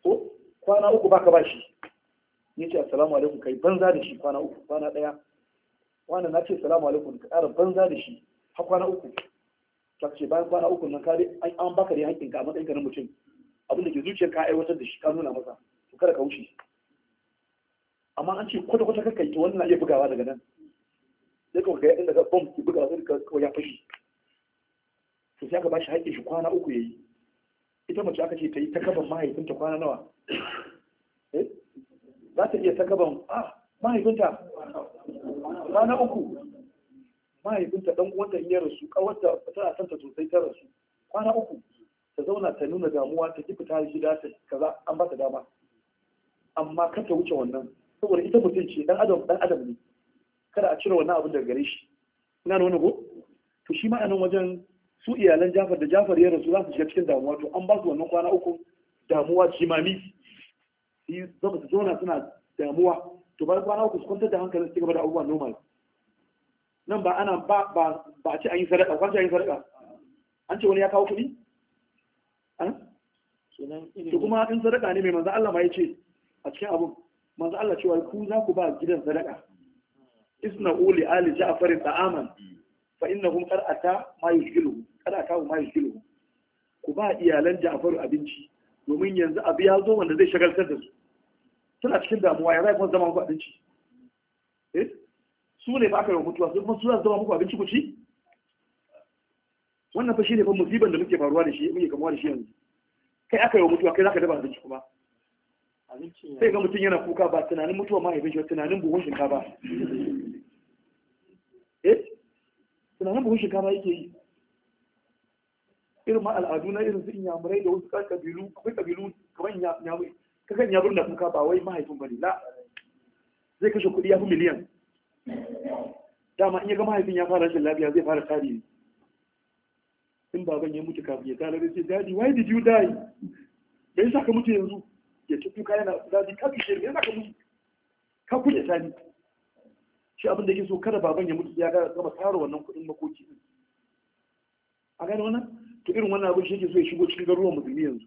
ko kwana uku baka bashi ni ce assalamu alaikum kai banza da shi kwana uku kwana daya wannan na ce assalamu alaikum ka ƙara banza da shi har kwana uku ta ce bayan kwana uku nan ka an baka dai haƙƙinka a matsayin ka na mutum abin da ke zuciyar ka aiwatar da shi ka nuna masa to kada ka wuce amma an ce kwata kwata kakkai yi to wannan na iya bugawa daga nan sai ka ga inda ka bom ki bugawa sai ka ya fashi to sai aka ba shi haƙƙin shi kwana uku yayi ita mace aka ce ta yi ta gaban mahaifinta kwana nawa eh? za ta iya ta gaban ah mahaifinta kwana uku mahaifinta dan uwanta in ya rasu kawarta tana santa sosai ta rasu kwana uku ta zauna ta nuna damuwa ta ki fita gida ta kaza an ba ta dama amma kar ta wuce wannan saboda ita mutum ce dan adam dan adam ne kada a cire wannan abin daga gare shi ina da wani go to shi ma wajen su iyalan Jafar da Jafar ya rasu za su shiga cikin damuwa to an ba su wannan kwana uku damuwa jimami su zama su zauna suna damuwa to bayan kwana uku su kwantar da hankali su gaba da abubuwa normal nan ba ana ba ba ba ce an yi sadaka kwanci an yi sadaka an ce wani ya kawo kuɗi to kuma in sadaka ne mai manzan Allah ma ya ce a cikin abun manzan Allah cewa ku za ku ba gidan sadaka isna uli ali ja'far ta'aman fa innahum qara'ata ma yushkiluhum kada kawo mai kilo ku ba iyalan Ja'faru abinci domin yanzu abu ya zo wanda zai shagaltar da su suna cikin damuwa ya zai kuma zama muku abinci eh su ne ba aka yi mutuwa su kuma su zama muku abinci ku ci wannan fa shine fa musiban da muke faruwa da shi muke kamuwa da shi yanzu kai aka yi mutuwa kai zaka dafa abinci kuma sai ga mutum yana kuka ba tunanin mutuwa ma ya tunanin buhun shinkafa eh tunanin buhun shinkafa yake yi irin ma al'adu na irin su inyamurai da wasu kabilu akwai kabilu kamar inyamurai kakan inyamurai na kuka ba wai mahaifin bane la zai kashe kuɗi ya fi miliyan dama in ya ga mahaifin ya fara rashin lafiya zai fara tari ne in baban ya mutu kafin ya tare da ce daddy why did you die me yasa ka mutu yanzu ya ce kuka yana daddy ka bishe me yasa ka mutu ka kuɗe tani shi abin da yake so kada baban ya mutu ya gama tsara wannan kuɗin makoki a gane wannan to irin wannan abin shi zai so ya shigo cikin garuruwan musulmi yanzu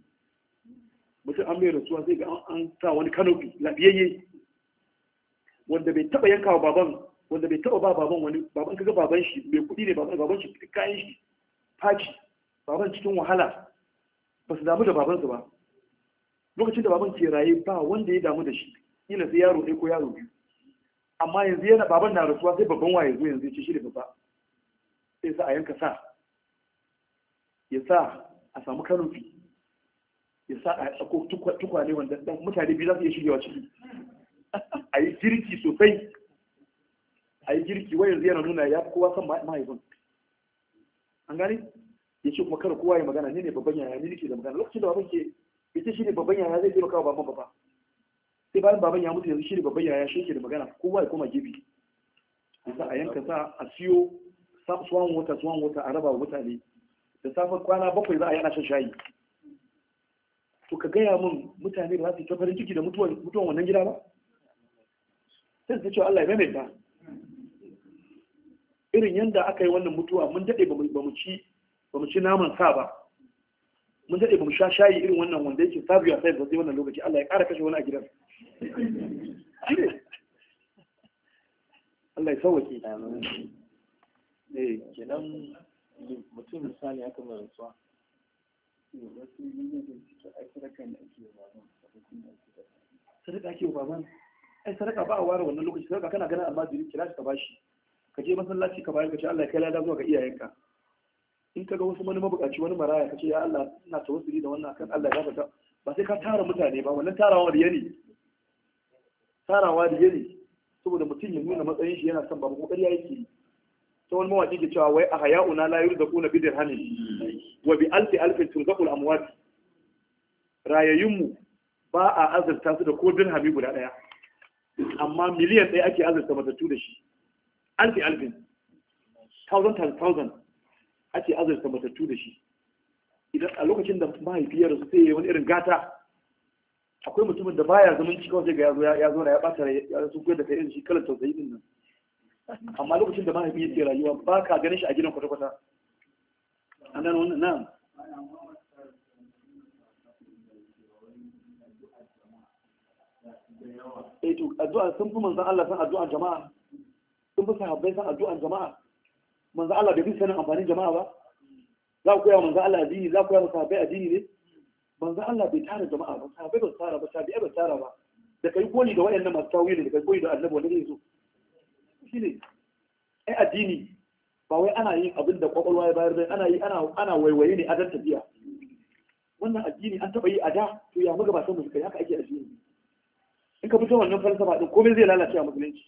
mutum an mai rasuwa sai ga an sa wani kanopi lafiyayye wanda bai taba yanka wa baban wanda bai taba ba baban wani baban kaga baban shi mai kudi ne baban baban shi kayan shi faci baban cikin wahala ba su damu da babansa ba lokacin da baban ke raye ba wanda ya damu da shi Ina sai yaro ɗaya ko yaro biyu amma yanzu yana baban na rasuwa sai babban waye zo yanzu ya ce shi da babba sai sa a yanka sa ya sa a samu kanufi? ya sa a ɗauko tukwane wanda dan mutane biyu za su iya shigewa ciki a yi girki sosai a yi girki wayan yanzu yana nuna ya kowa san mahaifin an gane ya ce kuma kada kowa ya magana ne ne babban yaya ne nake da magana lokacin da baban ke ita shi ne babban yaya zai taimaka wa baban baba sai bayan baban ya mutu yanzu shi ne babban yaya shi ke da magana kowa ya koma gefe yasa a yanka sa a siyo swan wata swan wata a raba wa mutane da safar kwana bakwai za a yana shan shayi to ka gaya min mutane ba za su yi ta farin ciki da mutuwan wannan gida ba sai su cewa Allah ya maimaita irin yadda aka yi wannan mutuwa mun daɗe ba mu ci naman sa ba mun daɗe ba mu sha shayi irin wannan wanda yake sabu ya sai zai wannan lokaci Allah ya ƙara kashe wani a gidan Allah ya sauwake. Eh, kenan mutum misali aka mai rantsuwa sadaka ake baban ai sadaka ba a ware wannan lokaci sadaka kana ganin almajiri kira shi ka bashi ka je masallaci ka bayar ka ce Allah ya kai lada zuwa ga iyayenka in ka ga wasu wani mabukaci wani maraya ka ce ya Allah ina tawassuli da wannan kan Allah ya fata ba sai ka tara mutane ba wannan tarawa da ne tarawa riya ne saboda mutum ya nuna matsayin shi yana son babu ko ƙarya yake yi sai wani mawaki ke cewa wai a haya'una la kuna bi dirhamin wa bi alfi alfin turzaqul amwat rayayyunmu ba a azurta su da ko dirhami guda ɗaya amma miliyan ɗaya ake azurta matattu da shi alfi alfin thousand times thousand ake azurta matattu da shi idan a lokacin da mahaifiyar su sai wani irin gata akwai mutumin da baya zumunci kawai wajen ga ya zo ya zo ya ɓata ya sun koyar da kai irin shi kalan tausayi din nan amma lokacin da mahaifi yake rayuwa ba ka ganin shi a gidan kwata-kwata an gano wannan na'am eh to addu'a sun fi manzan Allah san addu'an jama'a sun fi sahabbai san addu'an jama'a manzan Allah bai fi sanin amfanin jama'a ba za ku koya manzan Allah addini za ku koya sahabbai addini ne manzan Allah bai tara jama'a ba sahabbai ba su tara ba sahabbai ba tara ba da kai koli da wayannan masu tawili da kai koli da annabi wanda zai so shi ne ai addini ba wai ana yin abin da kwakwalwa ya bayar bai ana yi ana waiwaye ne a dan tafiya wannan addini an taba yi a da to ya muga ba san musu kai haka ake addini in ka fito wannan falsafa din komai zai lalace a musulunci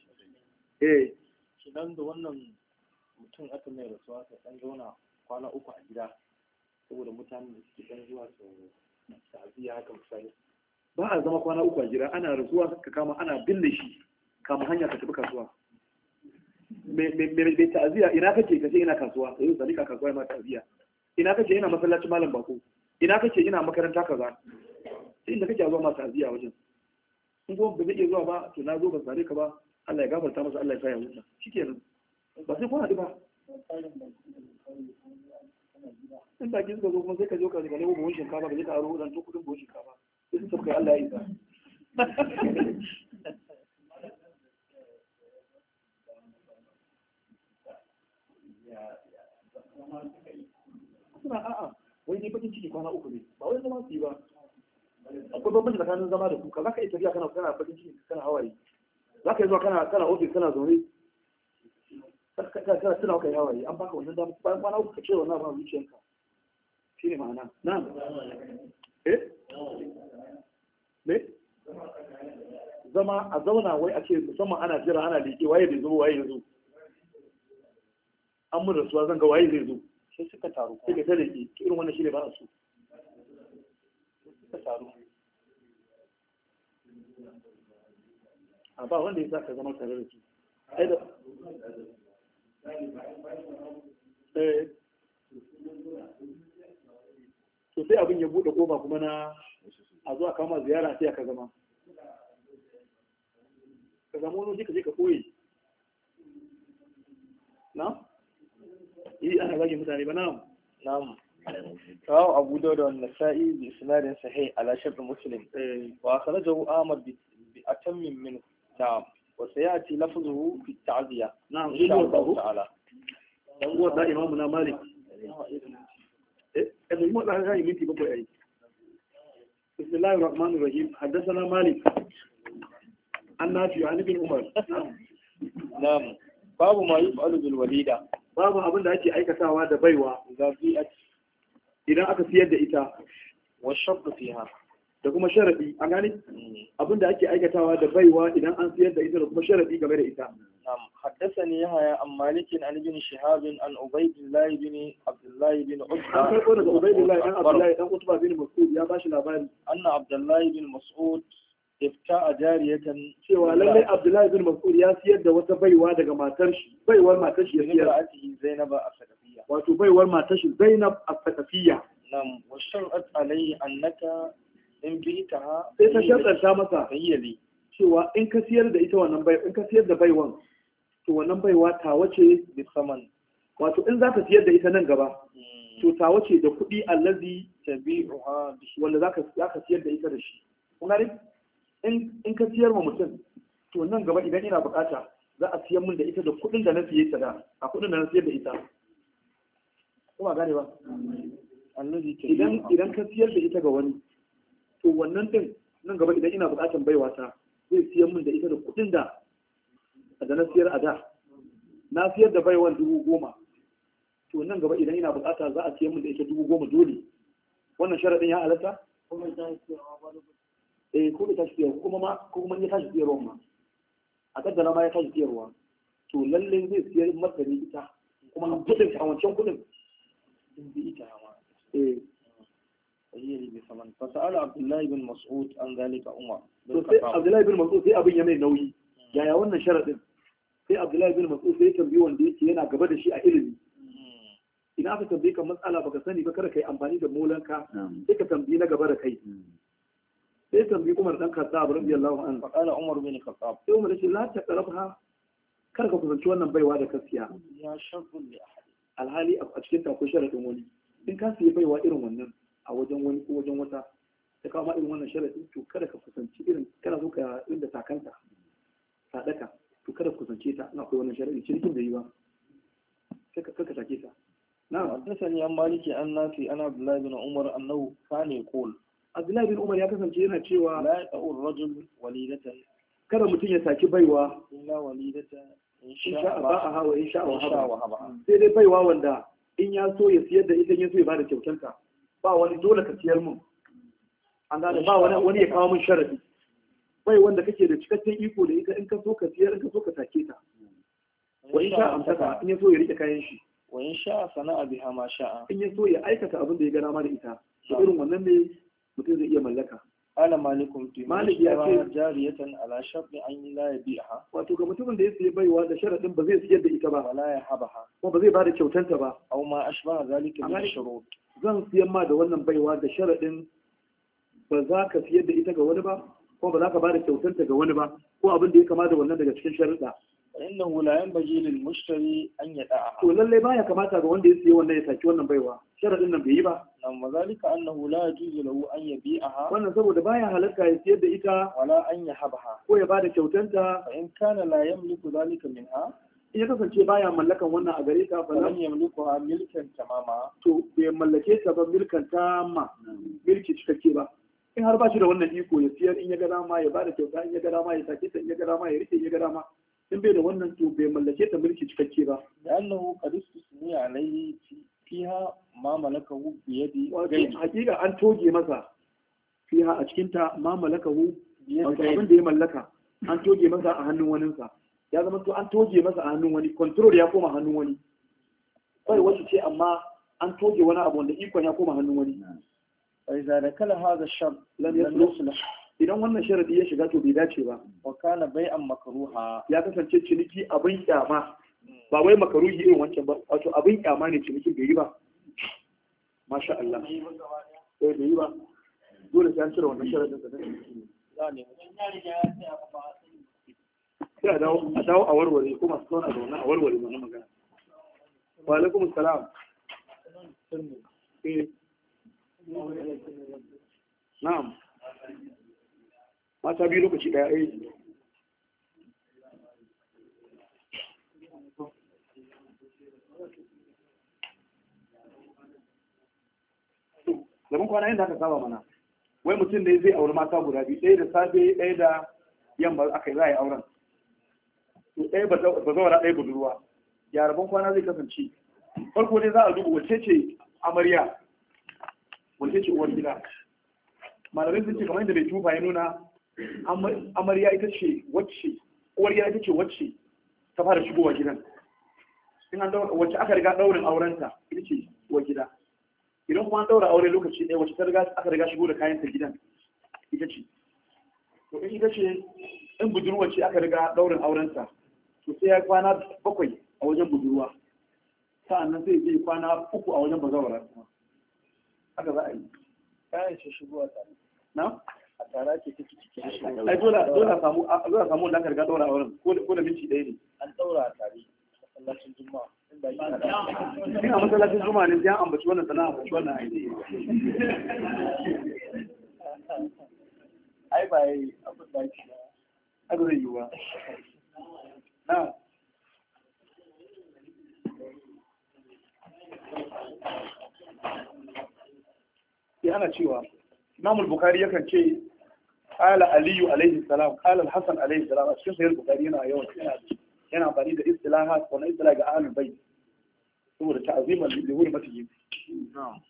eh kidan da wannan mutum aka mai rasuwa ta dan zauna kwana uku a gida saboda mutanen da suke dan zuwa su ta'aziyya haka misali ba a zama kwana uku a gida ana rasuwa ka kama ana binne shi kama hanya ka tafi kasuwa mai ta'aziyya ina kake kace ina kasuwa eh, sai zan ka kasuwa ma ta'aziyya ina kake ina masallacin malam bako ina kake ina makaranta kaza sai inda kake zuwa ma ta'aziyya wajen in kuma ba zai zuwa ba to na zo ba sare ka ba Allah ya gafarta masa Allah ya sa ya huta shikenan ba sai ko kuna ba in baki suka zo kuma sai ka zo ka ga nemo buhun shinkafa ka je ka aro dan to kudin buhun shinkafa sai su tafi Allah ya isa ma suna a'a wai ne bakin ciki kwana uku ne ba wai zama su yi ba akwai bambanci tsakanin zama da kuka za ka yi tafiya kana kana bakin ciki kana hawaye ka yi zuwa kana kana ofis kana zaune kana tuna kai hawaye an baka wannan dama bayan kwana uku ka ce wannan abin zuciyarka ne ma'ana na'am eh ne zama a zauna wai a ce musamman ana jira ana leke waye bai zo waye ya zo an mu rasuwa zan ga waye zai zo sai suka taru sai ka tare ki irin wannan shine ba a so suka taru a ba wanda ya sa zama tare da su ai da eh. to sai abin ya bude kofa kuma na a zuwa kama ziyara sai ka zama ka zama wani ka je ka koyi na yi ana mutane ba na'am na'am kawo abu da wadda wanda sa'i bi sinadin sa ala shabda muslim eh. wa akara jahu amad bi atan min min na'am wa sai ya ci lafazu bi ta'aziya na'am shi da wadda ta'ala dan guwa da imamu malik eh ebe yi mota ha minti ba kwa yayi bismillahir rahmanir rahim haddathana malik an nafi an umar na'am na'am babu ma yi fa'alu bil babu abin da ake aikatawa da baiwa idan aka siyar da ita wa shabdu fiha da kuma sharafi an gane mm. abin da ake aikatawa da baiwa idan an siyar da ita da kuma sharafi game da ita حدثني ne عن مالك عن ابن شهاب عن عبيد الله بن عبد الله بن An عن عبيد الله بن عبد الله بن عتبة بن مسعود يا باشا الأبان أن ifta a jariyatan cewa lallai Abdullahi bin Mas'ud ya siyar da wata baiwa daga matar shi baiwar matar shi ya siyar da ake Zainab as-Sakafiyya wato baiwar matar shi Zainab as-Sakafiyya nam wa shar'at alayhi annaka in bi'taha sai ta shar'anta masa hayyali cewa in ka siyar da ita wannan bai in ka siyar da baiwan to wannan baiwa ta wace bi saman wato in za ka siyar da ita nan gaba hmm. to ta wace da kuɗi allazi tabi'uha wanda za ka siyar da ita da shi kuma in ka siyar wa mutum to nan gaba idan ina bukata za a siyar min da ita da kuɗin da na siye ta da a kudin da na siyar da ita kuma gane ba idan idan ka siyar da ita ga wani to wannan din nan gaba idan ina bukatan baiwa ta zai siyar min da ita da kuɗin da da na siyar a da na siyar da baiwan dubu goma to nan gaba idan ina bukata za a siyar min da ita dubu goma dole wannan sharaɗin ya halatta eh ko bai tashi siyarwa kuma ma ko kuma ya tashi siyarwa ma a kaddara ma ya tashi siyarwa to lalle zai siyar masa ne ita kuma kudin a wancan kudin in bi ita ma eh wajen bi saman fasala abdullahi bin mas'ud an zalika umar to sai abdullahi bin mas'ud sai abin ya mai nauyi yaya wannan sharadin sai abdullahi bin mas'ud sai tambayi wanda yake yana gaba da shi a ilimi hmm. ina ka tambaye ka matsala baka sani ba kada kai amfani da molanka sai ka tambayi na gaba da kai hmm. sai tambayi Umar dan Khattab radiyallahu anhu fa qala Umar bin Khattab sai Umar yace la taqrabha kar ka kusanci wannan baiwa da kasiya ya shartu li ahad alhali a cikin ta akwai sharadin wani in ka siya baiwa irin wannan a wajen wani ko wajen wata ta kawo ma irin wannan sharadin to kada ka kusanci irin kana so ka inda takanta sadaka to kada ka kusance ta ina akwai wannan sharadin cinikin da yi ba kaka take ta na'am haddathani an maliki an nafi ana abdullahi bin umar annahu kana yaqul Abdullahi bin Umar ya kasance yana cewa la yaqul rajul walidata kada mutum ya saki baiwa illa walidata insha ba'aha wa insha Allah sai dai baiwa wanda in ya so ya siyar da ita ya so ya bada kyautanta ba wani dole ka siyar mun an gane ba wani wani ya kawo mun sharadi bai wanda kake da cikakken iko da ita in ka so ka siyar in ka so ka sake ta wa insha amsaka in ya so ya rike kayan shi wa insha sana'a biha ma sha'a in ya so ya aikata abin da ya ga dama da ita irin wannan ne mutum zai iya mallaka ala malikum fi malik ya ce jariyatan ala shartin an yi la yabiha wato ga mutumin da ya sayi baiwa da sharadin ba zai siyar da ita ba wala ya habaha kuma ba zai bada kyautanta ba aw ma ashbaha zalika min shurut zan siyan ma da wannan baiwa da sharadin ba za ka siyar da ita ga wani ba ko ba za ka bada kyautanta ga wani ba ko abin da ya kama da wannan daga cikin sharuda فإنه لا ينبغي للمشتري أن يدعها to lalle baya kamata ga wanda ya siya wannan ya saki wannan baiwa sharadin nan bai yi ba nan mazalika annahu la yajuzu lahu an yabi'aha wannan saboda baya halarta ya siyar da ita wala an yahabaha ko ya bada kyautanta in kana la yamliku zalika minha in ya kasance baya mallakan wannan a gare ta fa lam yamlikuha milkan tamama to bai mallake ta ba milkan tamma milki cikakke ba in har ba shi da wannan iko ya siyar in ya ga dama ya bada kyauta in ya ga dama ya sake ta in ya ga dama ya rike in ya ga dama in bai da wannan to bai mallake ta mulki cikakke ba da annahu qad istismi alayhi fiha ma malakahu bi yadi gairi hakika an toge masa fiha a cikin ta ma malakahu bi yadi abin da ya mallaka an toge masa a hannun wani sa. ya zama to an toge masa a hannun wani control ya koma hannun wani bai wasu ce amma an toge wani abu wanda ikon ya koma hannun wani fa iza da kala hadha shar lam yasluh idan wannan sharadi ya shiga to bai dace ba wa kana an makaruha ya kasance ciniki abin kyama ba wai makaruhi irin wancan ba wato abin kyama ne ciniki bai yi ba masha Allah sai eh, bai yi ba dole sai an cire wannan sharadin da zai sai a dawo a dawo a warware ko masu zauna da wannan a warware wannan magana wa alaikum salam eh. na'am mata biyu lokaci daya eh zaman kwana yadda aka saba mana wai mutum ne zai auri mata guda biyu ɗaya da safe ɗaya da yamma aka yi za a yi auren ɗaya ba zaura ɗaya budurwa ya rabon kwana zai kasance farko dai za a duba wace ce amarya wace ce uwar gida malamai sun ce kamar yadda bai tufa ya nuna amarya ita ce wacce uwarya ita ce wacce ta fara shigowa gidan in an daura wacce aka riga daurin aurenta ita ce wa gida idan kuma an daura aure lokaci ɗaya wacce ta riga aka riga shigo da kayan ta gidan ita ce to in ita ce in budurwa ce aka riga daurin aurenta to sai ya kwana bakwai a wajen budurwa sa'annan sai zai kwana uku a wajen bazawara kuma haka za a yi kayan shi shigowa ta na a tara ce ta ciki ciki ai dole dole a samu dole a samu riga daura auren ko da minti ɗaya ne an daura a tare masallacin juma'a in a masallacin juma'a ne sai an ambaci wannan sana'a ambaci wannan aiki ai ba yi abin da ake ba zai ba. na ya ana cewa Imam al-Bukhari yakan ce qala Ali alayhi salam qala al-Hasan alayhi salam shi sai al-Bukhari yana yawan yana bari da istilahat na istilah ga ahlul bayt saboda ta'ziman li hurmatihi na'am